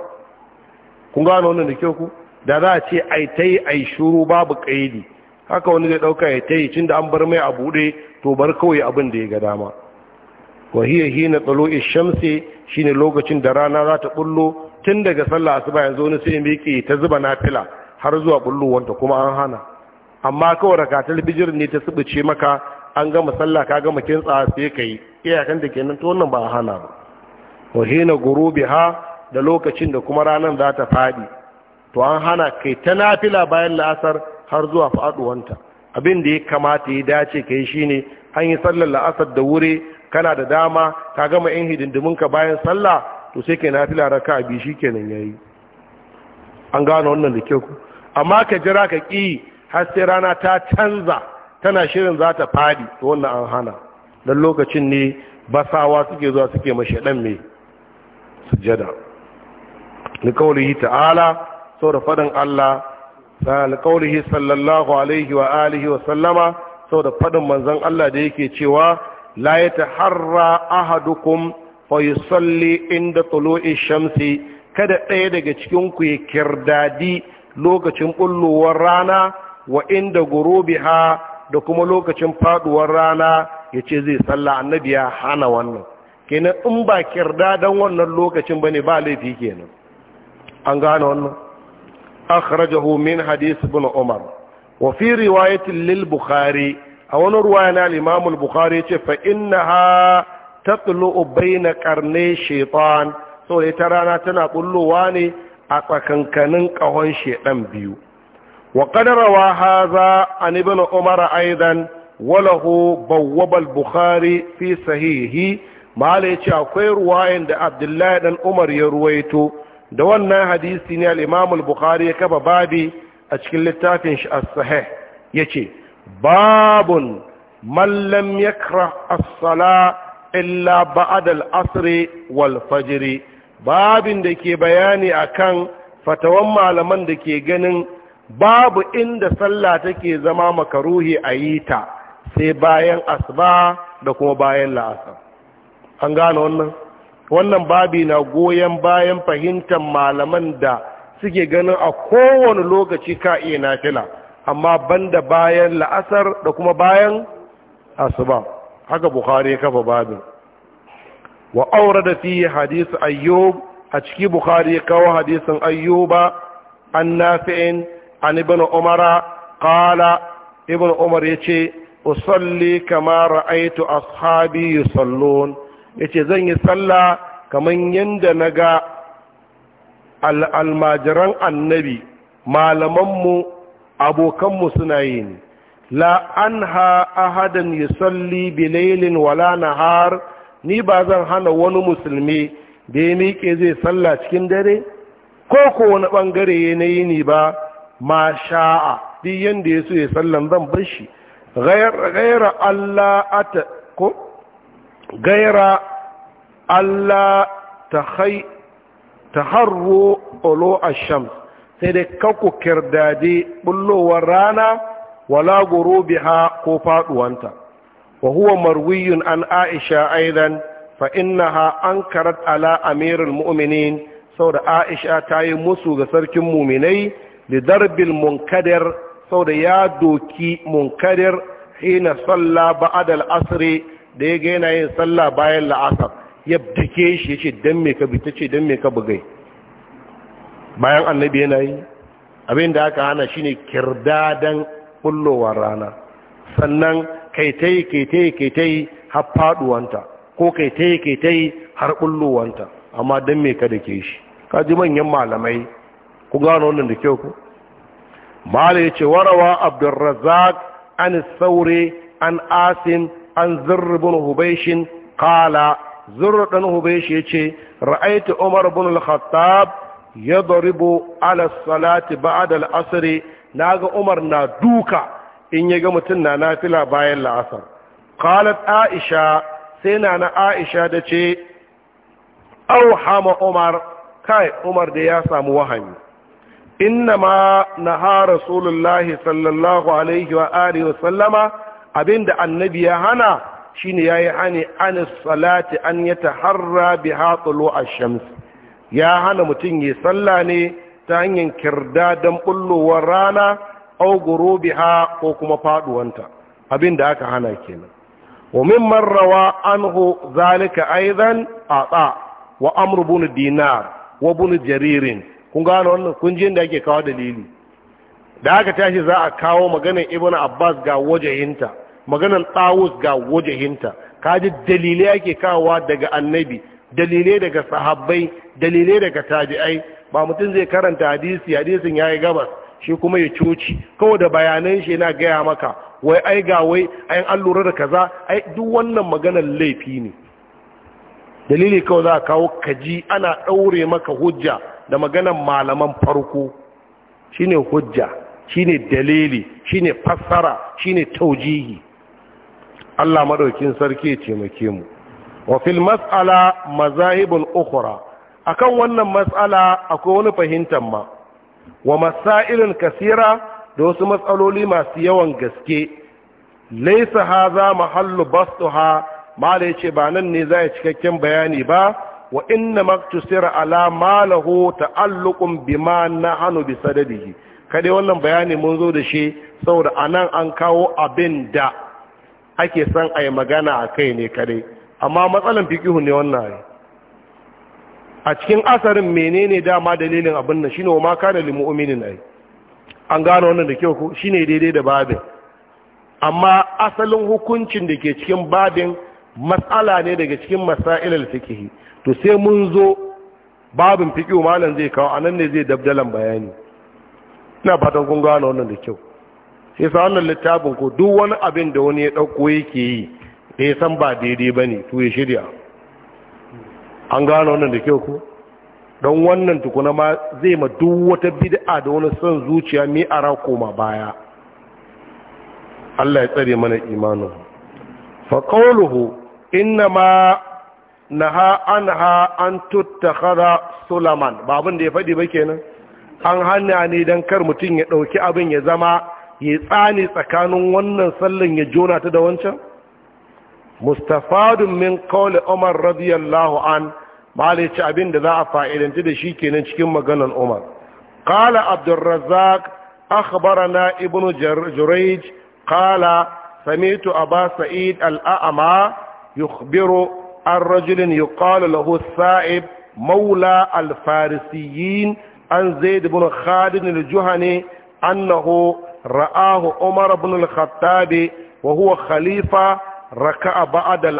kun gano wannan da kyau ku da za a ce ai ta yi ai shuru babu ƙaidi haka wani zai ɗauka ya ta yi cin da an bar mai a buɗe to bar kawai abin da ya ga dama wahiyar na tsalo shi ne lokacin da rana za ta bullo tun daga sallah asuba yanzu wani sai miƙe ta zuba nafila har zuwa wanda kuma an hana amma kawai rakatar bijir ne ta subuce maka an gama sallah ka gama kintsa sai ka yi iyakan da kenan to wannan ba a hana ba wa hina gurubiha da lokacin da kuma ranar za ta fadi to an hana kai ta nafila bayan la'asar har zuwa faduwanta abin da ya kamata ya dace ka shine an yi sallar la'asar da wuri kana da dama ka gama yan hidindimin ka bayan sallah to sai kai nafila raka bi shikenan yayi an gano wannan da kyau amma ka jira ka ki har sai rana ta canza tana shirin za ta fadi to wannan an hana don lokacin ne basawa suke zuwa suke mashi dan mai sujada. ni kaulihi ta'ala da faɗin Allah sallallahu alaihi wa alihi wa sallama saboda faɗin manzon Allah da yake cewa la yataharra ahadukum fa yusalli inda tulu'i shamsi kada ɗaya daga cikin ku ya kirdadi lokacin bullowar rana wa inda ha. da kuma lokacin faduwar rana ya ce zai sallah annabi ya hana wannan kenan in ba kirda don wannan lokacin ba ne ba laifi kenan an gane wannan akhrajahu min hadis ibn umar wa fi riwayatin lil bukhari a wani ruwaya na al-imam al-bukhari ya ce fa innaha tatlu'u bayna qarnay shaytan so ita rana tana kullowa ne a tsakankanin kahon shedan biyu وقد روى هذا عن ابن عمر أيضا وله بوب البخاري في صحيحه ما ليش أكوي رواية عبد الله بن عمر يرويته da wannan hadisi ne al'imam al-bukhari ya kafa babi a cikin littafin shi as-sahih ya ce babun mallam ya kira as-sala illa ba'adal asiri wal babin da ke bayani akan fatawan malaman da ke ganin babu inda sallah take zama makaruhi a yi ta sai bayan asuba da kuma bayan la'asar an gane wannan wannan babi na goyon bayan fahimtar malaman da suke ganin a kowane lokaci ka iya nafila amma banda bayan la'asar da kuma bayan asuba haka bukhari kafa babin wa da fiye hadisu ayyub a ciki bukhari kawo hadisin ayyuba an nafi'in an ibn umara qala ibn umar yace usalli kama ra'aytu ashabi yusallun yace zan yi sallah kaman yanda ga almajiran annabi malamanmu abokanmu suna yi ne la anha ahadan yusalli bilailin wala nahar ni ba zan hana wani musulmi da miƙe zai sallah cikin dare ko ko wani ɓangare ya na ni ba ma sha'a duk yanda ya so ya sallan zan bar shi gaira Allah ata ko gaira Allah ta hai ta harro olo sai dai kakku kirdade bullowar rana wala gurubiha ko faduwanta wa huwa marwiyun an aisha aidan fa innaha ankarat ala amirul mu'minin saboda aisha ta yi musu ga sarkin muminai da darbil munkadir saboda ya doki munkadir hina salla ba'adal asiri da ya gaina yin salla bayan la'asar ya dake shi ya ce don me ka bita ce don me ka bugai bayan annabi yana yi abin da aka hana shine kirdadan kullowar rana sannan kaitai kaitai kaitai har faduwanta ko kaitai kaitai har kullowanta amma don me ka dake shi ka ji manyan malamai ku gano wannan da kyau ku malai yace warawa abdurrazzaq an saure an asin an zurr Hubaishin hubaysh qala zurr bin hubaysh yace ra'aytu umar bin al-khattab yadribu ala salati ba'da al-asr naga umar na duka in yaga mutum na nafila bayan la'asar qalat aisha sai na na aisha da ce auhama umar kai umar da ya samu wahani innama naha rasulullahi sallallahu alaihi wa alihi abinda annabi ya hana shine yayi hani an salati an yataharra biha tulu a shams ya hana mutum yi sallah ne ta hanyar kirda dan bullowar rana au gurubiha ko kuma faduwanta da aka hana kenan wa mimman rawa anhu zalika Aizan, ata wa amr bin dinar wa bin jaririn kun gano wannan kun ji inda ake kawo dalili da aka tashi za a kawo maganar ibn abbas ga wajahinta maganar tawus ga wajahinta kaji dalilai ake kawowa daga annabi dalilai daga sahabbai dalilai daga tabi'ai ba mutum zai karanta hadisi hadisin yayi gabas shi kuma ya coci kawai da bayanan shi yana gaya maka wai ai ga wai ayin an lura da kaza ai duk wannan maganar laifi ne dalili kawai za a kawo kaji ana ɗaure maka hujja da maganan malaman farko shine hujja shine dalili shine fassara shine taujihi Allah madaukin sarki ya taimake mu wa fil mas'ala mazahibul ukhra akan wannan mas'ala akwai wani fahimtar ma wa masailun kasira da wasu matsaloli masu yawan gaske laysa hadha mahallu bastuha mala ce ba nan ne za cikakken bayani ba wa inna maktusira ala malahu ta'alluqun bima nahnu bi sadadihi kade wannan bayani mun zo da shi saboda anan an kawo abin da ake san a magana a kai ne kade amma matsalan fikihu ne wannan a cikin asarin menene dama dalilin abin nan shine wa ma kana lil mu'minin ai an gano wannan da kyau ko shine daidai da babin amma asalin hukuncin da ke cikin babin matsala ne daga cikin masailul fikihi to sai mun zo babin fiƙi malam zai kawo anan ne zai dabdalan bayani ina fatan kun gano wannan da kyau sai sa wannan littafin ko duk wani abin da wani ya ɗauko yake yi da ya san ba daidai ba ne to ya shirya an gano wannan da kyau ko don wannan tukuna ma zai ma duk wata bid'a da wani son zuciya mai ara koma baya Allah ya tsare mana imanin fa qawluhu inna ma naha ha an tuttakhara sulaman ba abin da ya faɗi ba kenan an hana ne dan kar mutum ya ɗauki abin ya zama ya tsani tsakanin wannan sallan ya jona ta da wancan mustafadun min qawli umar radiyallahu an malici abin da za a fa'idanci da shi kenan cikin maganan umar قال عبد الرزاق na ibnu جريج قال samitu أبا Al الأعمى يخبر an rajulin yuqalu lahu sa'ib maula al-farisiyin an zaid ibn khalid al-juhani annahu ra'ahu umar ibn al-khattab wa huwa khalifa raka'a ba'da al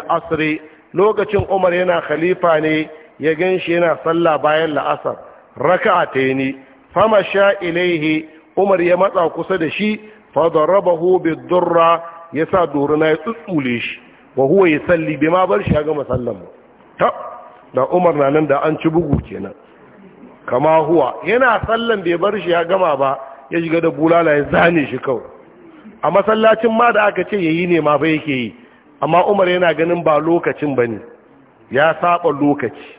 lokacin umar yana khalifa ne ya ganshi yana sallah bayan la'asar raka'a tayni fama sha ilaihi umar ya matsa kusa da shi fa darabahu bid-durra yasa duruna ya tsutsule shi wa huwa yusalli bima bar shi ga masallan mu ta da Umar na nan da an ci bugu kenan kama huwa yana sallan bai bar shi ya gama ba ya shiga da bulala ya zane shi kawai a masallacin ma da aka ce yayi ne ma fa yake yi amma Umar yana ganin ba lokacin bane ya saba lokaci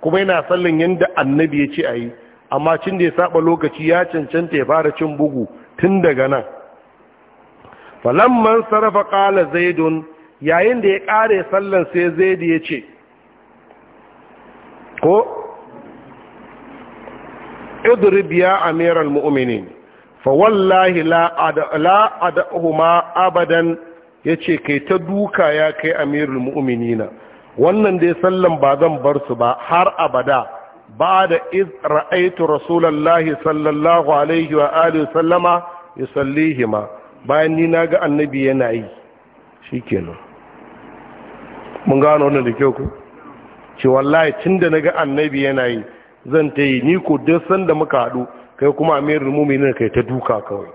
kuma yana sallan yanda annabi ya ce ayi amma cin da ya saba lokaci ya cancanta ya fara cin bugu tun daga nan falamman sarrafa ƙala zaidun yayin da ya ƙare sallan sai zai da ya ce ko idrib amiral mu'minin fa wallahi la ad'uhuma abadan yace kai ta duka ya kai amirul mu'minina wannan dai sallan ba zan bar su ba har abada ba da iz ra'aitu rasulullahi sallallahu alaihi wa alihi sallama yusallihima bayan ni na ga annabi yana yi Shi shikenan mun gano wannan da kyau ku ce wallahi tun da na ga annabi yana yi zan ta yi ni ko duk sanda muka haɗu kai kuma amirul muminin kai ta duka kawai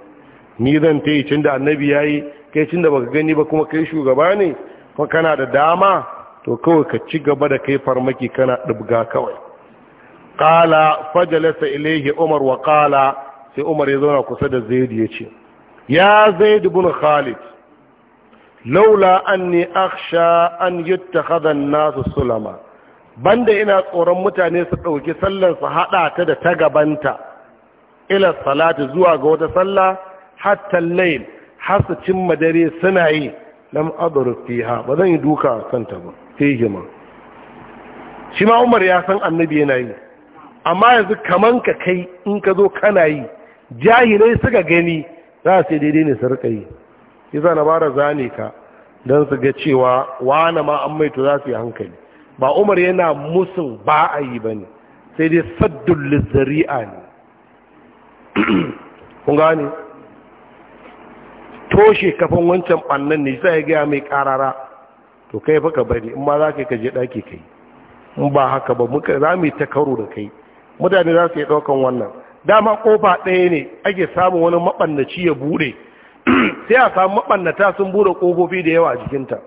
ni zan ta yi tun da annabi ya yi kai tun da baka gani ba kuma kai shugaba ne kuma kana da dama to kawai ka ci gaba da kai farmaki kana dubga kawai qala fajalasa ilaihi umar wa Qala sai umar ya zauna kusa da zaid ya ce ya zaid bin khalid laula anni akhsha an yattakhadha an-nasu sulama banda ina tsoron mutane su ɗauki sallar su ta da ta gabanta ila salati zuwa ga wata sallah hatta al-layl har su cimma dare suna yi lam adru fiha ba zan yi duka santa ba fihi ma shi ma Umar ya san annabi yana yi amma yanzu kaman ka kai in ka zo kana yi jahilai suka gani za su daidai ne su rika yi yasa na bara zane ka don su ga cewa wane ma an maito za su yi hankali ba umar yana musun ba a yi ba ne sai dai saddun lizaria ne (clears throat) kun gane toshe kafin wancan bannan ne sai ya gaya mai karara to kai fa ka bari in ma za ka kaje ɗaki kai in ba haka ba muka za mu yi ta karo da kai mutane za su yi ɗaukan wannan dama ƙofa ɗaya ne ake samun wani maɓannaci ya buɗe sai a samu maɓannata sun bude ƙofofi da yawa a jikinta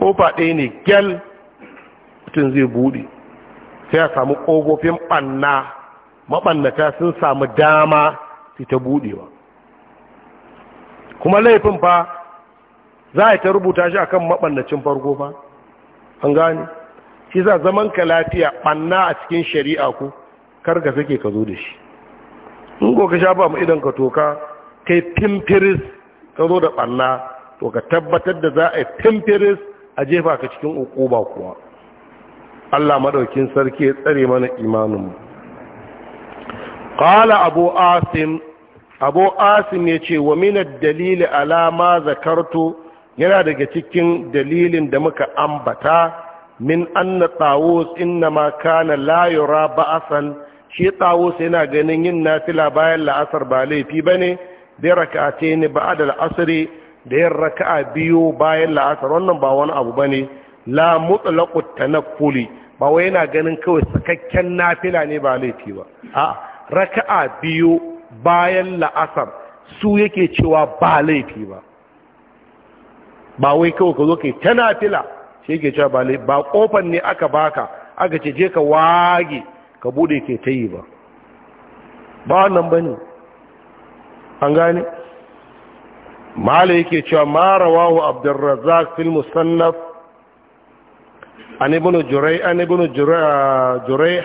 Ƙofa ɗaya ne gyal mutum zai buɗe sai a samu ƙofofin ɓanna sun samu dama su ta buɗewa kuma laifin fa za a yi ta rubuta shi a kan mabannacin farko fa an gane shi za zaman ka lafiya ɓanna a cikin shari'a ku kar ka sake ka zo da shi in ko ka shafa mu idan ka toka kai fimfiris ka zo da ɓanna to ka tabbatar da za a yi fimfiris a jefa ka cikin uku ba kuwa Allah maɗaukin sarki ya tsare mana imaninmu ƙala abu asim abu asim ya ce wa minar dalili alama zakarto yana daga cikin dalilin da muka ambata min anna tawus inna ma kana layura ba'asan shi tawus yana ganin yin nafila bayan la'asar ba laifi ba ne. bi rak'atayn ba da asr da yin raka'a biyu bayan la'asar wannan ba wani abu bane la mutlaqu tanaffuli ba wai yana ganin kawai sakakken nafila ne ba laifi ba a raka'a biyu bayan la'asar su yake cewa ba laifi ba ba wai kawai ka zo kai ta nafila shi yake cewa ba laifi ba kofan ne aka baka aka ce je ka wage ka bude ke ta yi ba ba wannan bane an gane mala yake cewa ma rawahu abdurrazzaq fil musannaf an ibn juray an ibn juray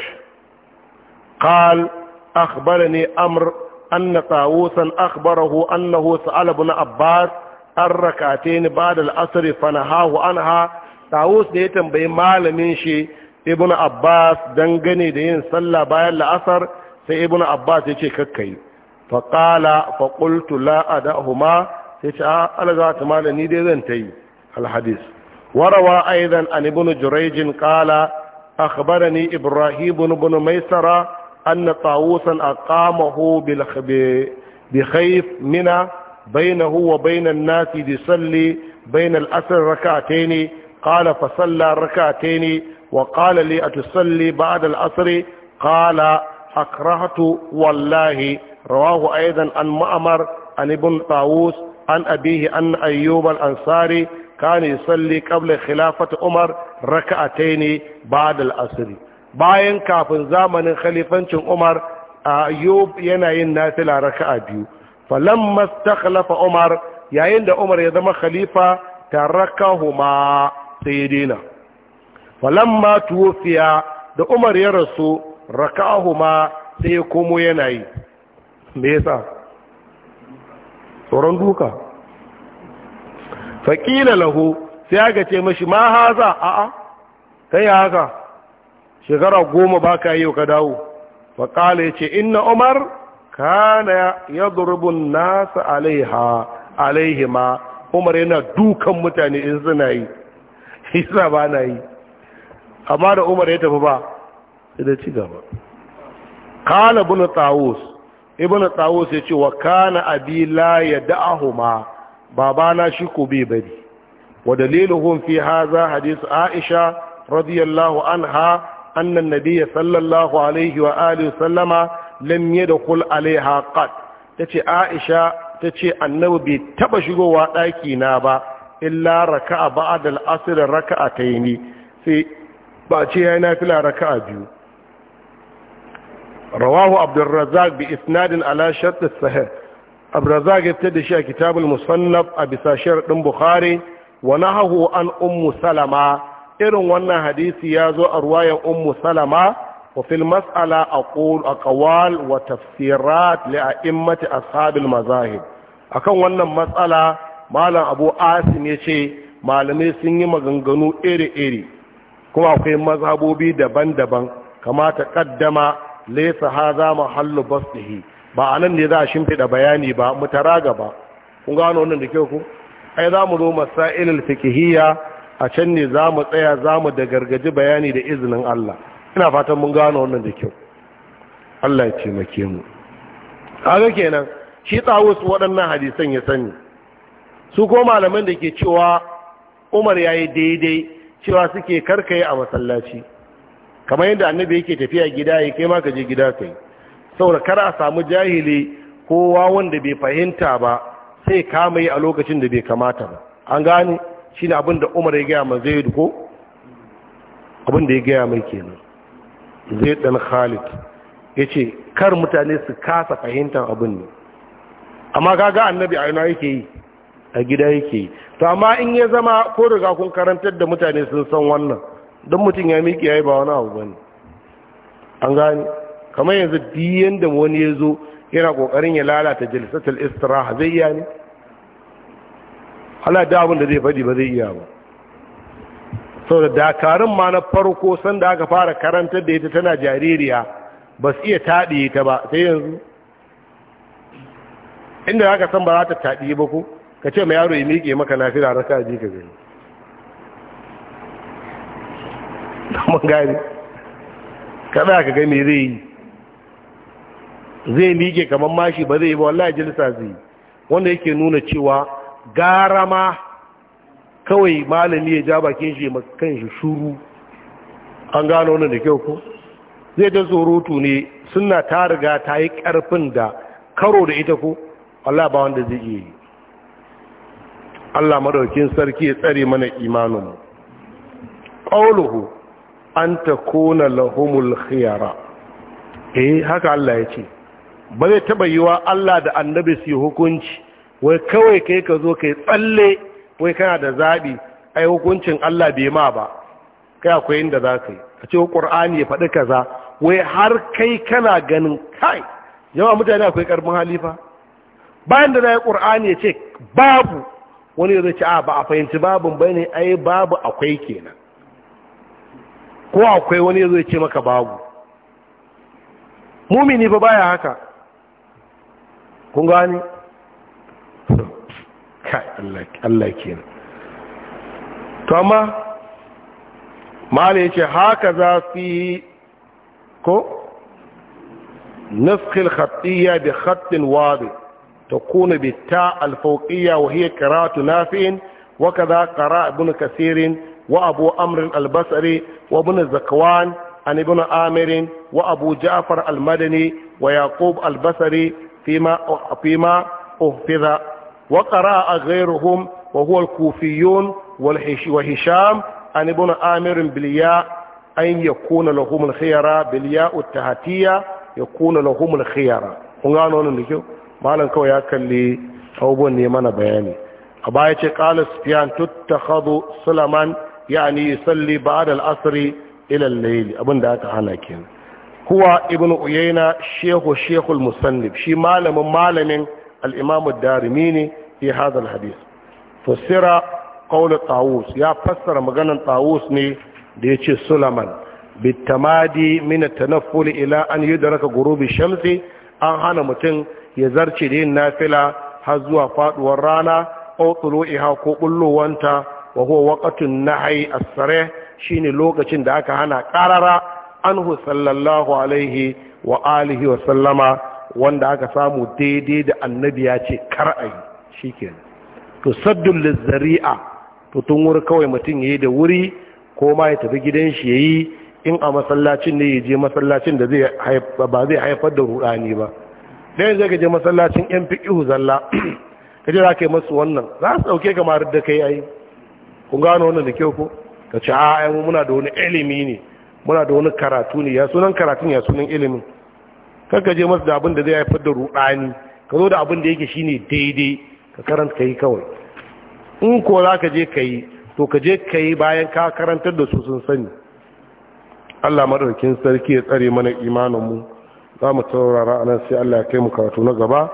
قال أخبرني أمر أن طاووسا أخبره أنه سأل ابن bada الركعتين fana hahu فنهاه ha, طاووس ne ya tambayi malamin shi ibnu Abbas dangane da yin sallah bayan la'asar sai ibnu Abbas ya ce kakkai فقال فقلت لا أدأهما ألا ذات ما لنيدي ذنتي الحديث وروا أيضا أن ابن جريج قال أخبرني إبراهيم بن بن ميسر أن طاووسا أقامه بخيف منا بينه وبين الناس يصلي بين الأسر ركعتين قال فصلى ركعتين وقال لي أتصلي بعد الأسر قال أكرهت والله rawahu aidan an ma'amar an ibn tawus an abihi an ayyub al-ansari kana yusalli qabla khilafati umar raka'ataini ba'da Badal asiri bayan kafin zamanin khalifancin umar ayyub yana yin nafila raka'a biyu falamma istakhlafa umar yayin da umar ya zama khalifa tarakahuma sai dina falamma tuwfiya da umar ya rasu raka'ahuma sai ya komo yana yi me yasa tsoron duka faƙila lahu sai aka ce mashi ma haza a'a kai haka shekara goma ba ka yi ka dawo faƙala ya ce ina umar kana ya durbin nasa ma umar yana dukan mutane in suna yi isa (laughs) ba na yi amma da umar ya tafi ba da ci gaba kala bin tawus ibn tawus ya ce wa kana abi la ya babana shi ko bai bari wa daliluhum fi hadha hadith aisha radiyallahu anha anna an-nabiy sallallahu alaihi wa alihi sallama lam yadkhul alaiha qat tace aisha tace annabi bai taba shigowa daki na ba illa raka'a ba'da al-asr raka'ataini sai ba ce yayi nafila raka'a biyu rawahu abdurrazzaq bi isnadin ala shart as-sahih abdurrazzaq ya tada shi a kitab al-musannaf a bisa sharadin bukhari wa nahahu an ummu salama irin wannan hadisi ya zo a ruwayan ummu salama wa fil mas'ala aqul aqwal wa tafsirat li a'immati ashab al-mazahib akan wannan matsala malam abu asim ce malamai sun yi maganganu iri-iri kuma akwai mazhabobi daban-daban kamata ƙaddama. laysa hadha mahallu basdihi ba anan ne za a shimfida bayani ba mutara ba. kun gano wannan da kyau ku ai za mu zo al fiqhiyya a can ne za mu tsaya za mu da gargaji bayani da izinin Allah ina fatan mun gano wannan da kyau Allah ya taimake mu kaga kenan shi tsawus waɗannan hadisan ya sani su ko malaman da ke cewa Umar yayi daidai cewa suke karkaye a masallaci kamar yadda annabi yake tafiya gida ya kai ma ka je gida kai saboda kar a samu jahili kowa wanda bai fahimta ba sai kama yi a lokacin da bai kamata ba an gane shi ne abinda umar ya gaya ma zai ko abinda ya gaya mai kenan zai dan khalid ya ce kar mutane su kasa fahimtar abin ne amma kaga annabi a yana yake yi a gida yake yi to amma in ya zama ko riga kun karantar da mutane sun san wannan don mutum ya miƙe ya yi ba wani abu ba ne an gani kamar yanzu biyan da wani ya zo yana kokarin ya lalata jalisatul istiraha zai iya ne halar da abin da zai faɗi ba zai iya ba sau da dakarun ma na farko sanda aka fara karantar da ita tana jaririya ba su iya taɗi ta ba sai yanzu inda aka san ba za ta taɗi ba ko ka ce ma yaro ya miƙe maka na fi da raka ji ka gani mun gane kada ka ga me zai yi zai mike kamar mashi ba zai yi ba wallahi jilsa zai yi wanda yake nuna cewa gara ma kawai malami ya ja bakin shi kan shi shuru an gano wannan da kyau ko zai ta tsoroto ne suna ta riga ta yi karfin da karo da ita ko Allah ba wanda zai yi Allah madaukin sarki ya tsare mana imanin mu qauluhu an ta kona lahumul khiyara eh haka Allah ya ce ba zai taba yiwa Allah da annabi su hukunci wai kawai kai ka zo kai tsalle wai kana da zaɓi ai hukuncin Allah bai ma ba kai akwai inda za ka yi a ce ƙur'ani ya faɗi kaza wai har kai kana ganin kai yawa mutane akwai karfin halifa bayan da na yi ƙur'ani ya ce babu wani zai ce a ba a fahimci babun bane ne ai babu akwai kenan ko akwai wani ya ce maka babu mumini ba baya haka kun gani Allah ke nan to amma malin ce haka za su yi ko nufkil khattiya bi khattin wadu ta kuna bi ta alfauƙiya wa hiyar karatu nafi'in waka za ƙara abin kasirin وأبو أمر البصري وابن الزكوان عن ابن عامر وأبو جعفر المدني ويعقوب البصري فيما فيما أحفظ وقرأ غيرهم وهو الكوفيون وهشام عن ابن عامر بالياء أن يكون لهم الخيرة بالياء التهاتية يكون لهم الخيرة kun gano wannan da kyau malam kawai ya kalli abubuwan ne mana bayani yani salli ba'da al-asr ila al-layl abinda aka hana kenan huwa ibn uyayna shehu shehul musannif shi malamin malamin al-imam darimi ne fi hadha al-hadith fassara tawus ya fassara maganan tawus ne da ya ce sulaman bitamadi min at-tanafful ila an yudraka ghurubi shamsi an hana mutum ya zarce da yin nafila har zuwa faduwar rana ko iha ko bullowanta wa huwa waqtun nahi as-sarih shine lokacin da aka hana qarara anhu sallallahu alaihi wa alihi wa sallama wanda aka samu daidai da annabi ya ce kar ayi shikenan to saddul lizari'a to tun wuri kawai mutum yayi da wuri ko ma ya tafi gidan shi yayi in a masallacin ne ya je masallacin da zai ba zai haifar da rudani ba dan zai je masallacin yan fiqhu zalla (clears throat) kaje za yi masu wannan za su dauke kamar da kai ai kun gano wannan da kyau ko ka ce a mu muna da wani ilimi ne muna da wani karatu ne ya sunan karatun ya sunan ilimin ka je masu da abin da zai haifar da rudani ka zo da abin da yake shine daidai ka karanta kai kawai in ko za ka je ka yi to ka je ka yi bayan ka karantar da su sun sani Allah madaukakin sarki ya tsare mana imanin mu za mu taurara nan sai Allah ya kai mu karatu na gaba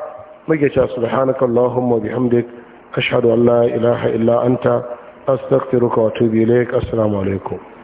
muke cewa subhanakallahumma bihamdik ashhadu an la ilaha illa anta astaghfiruka wato atubu ilaik assalamu alaikum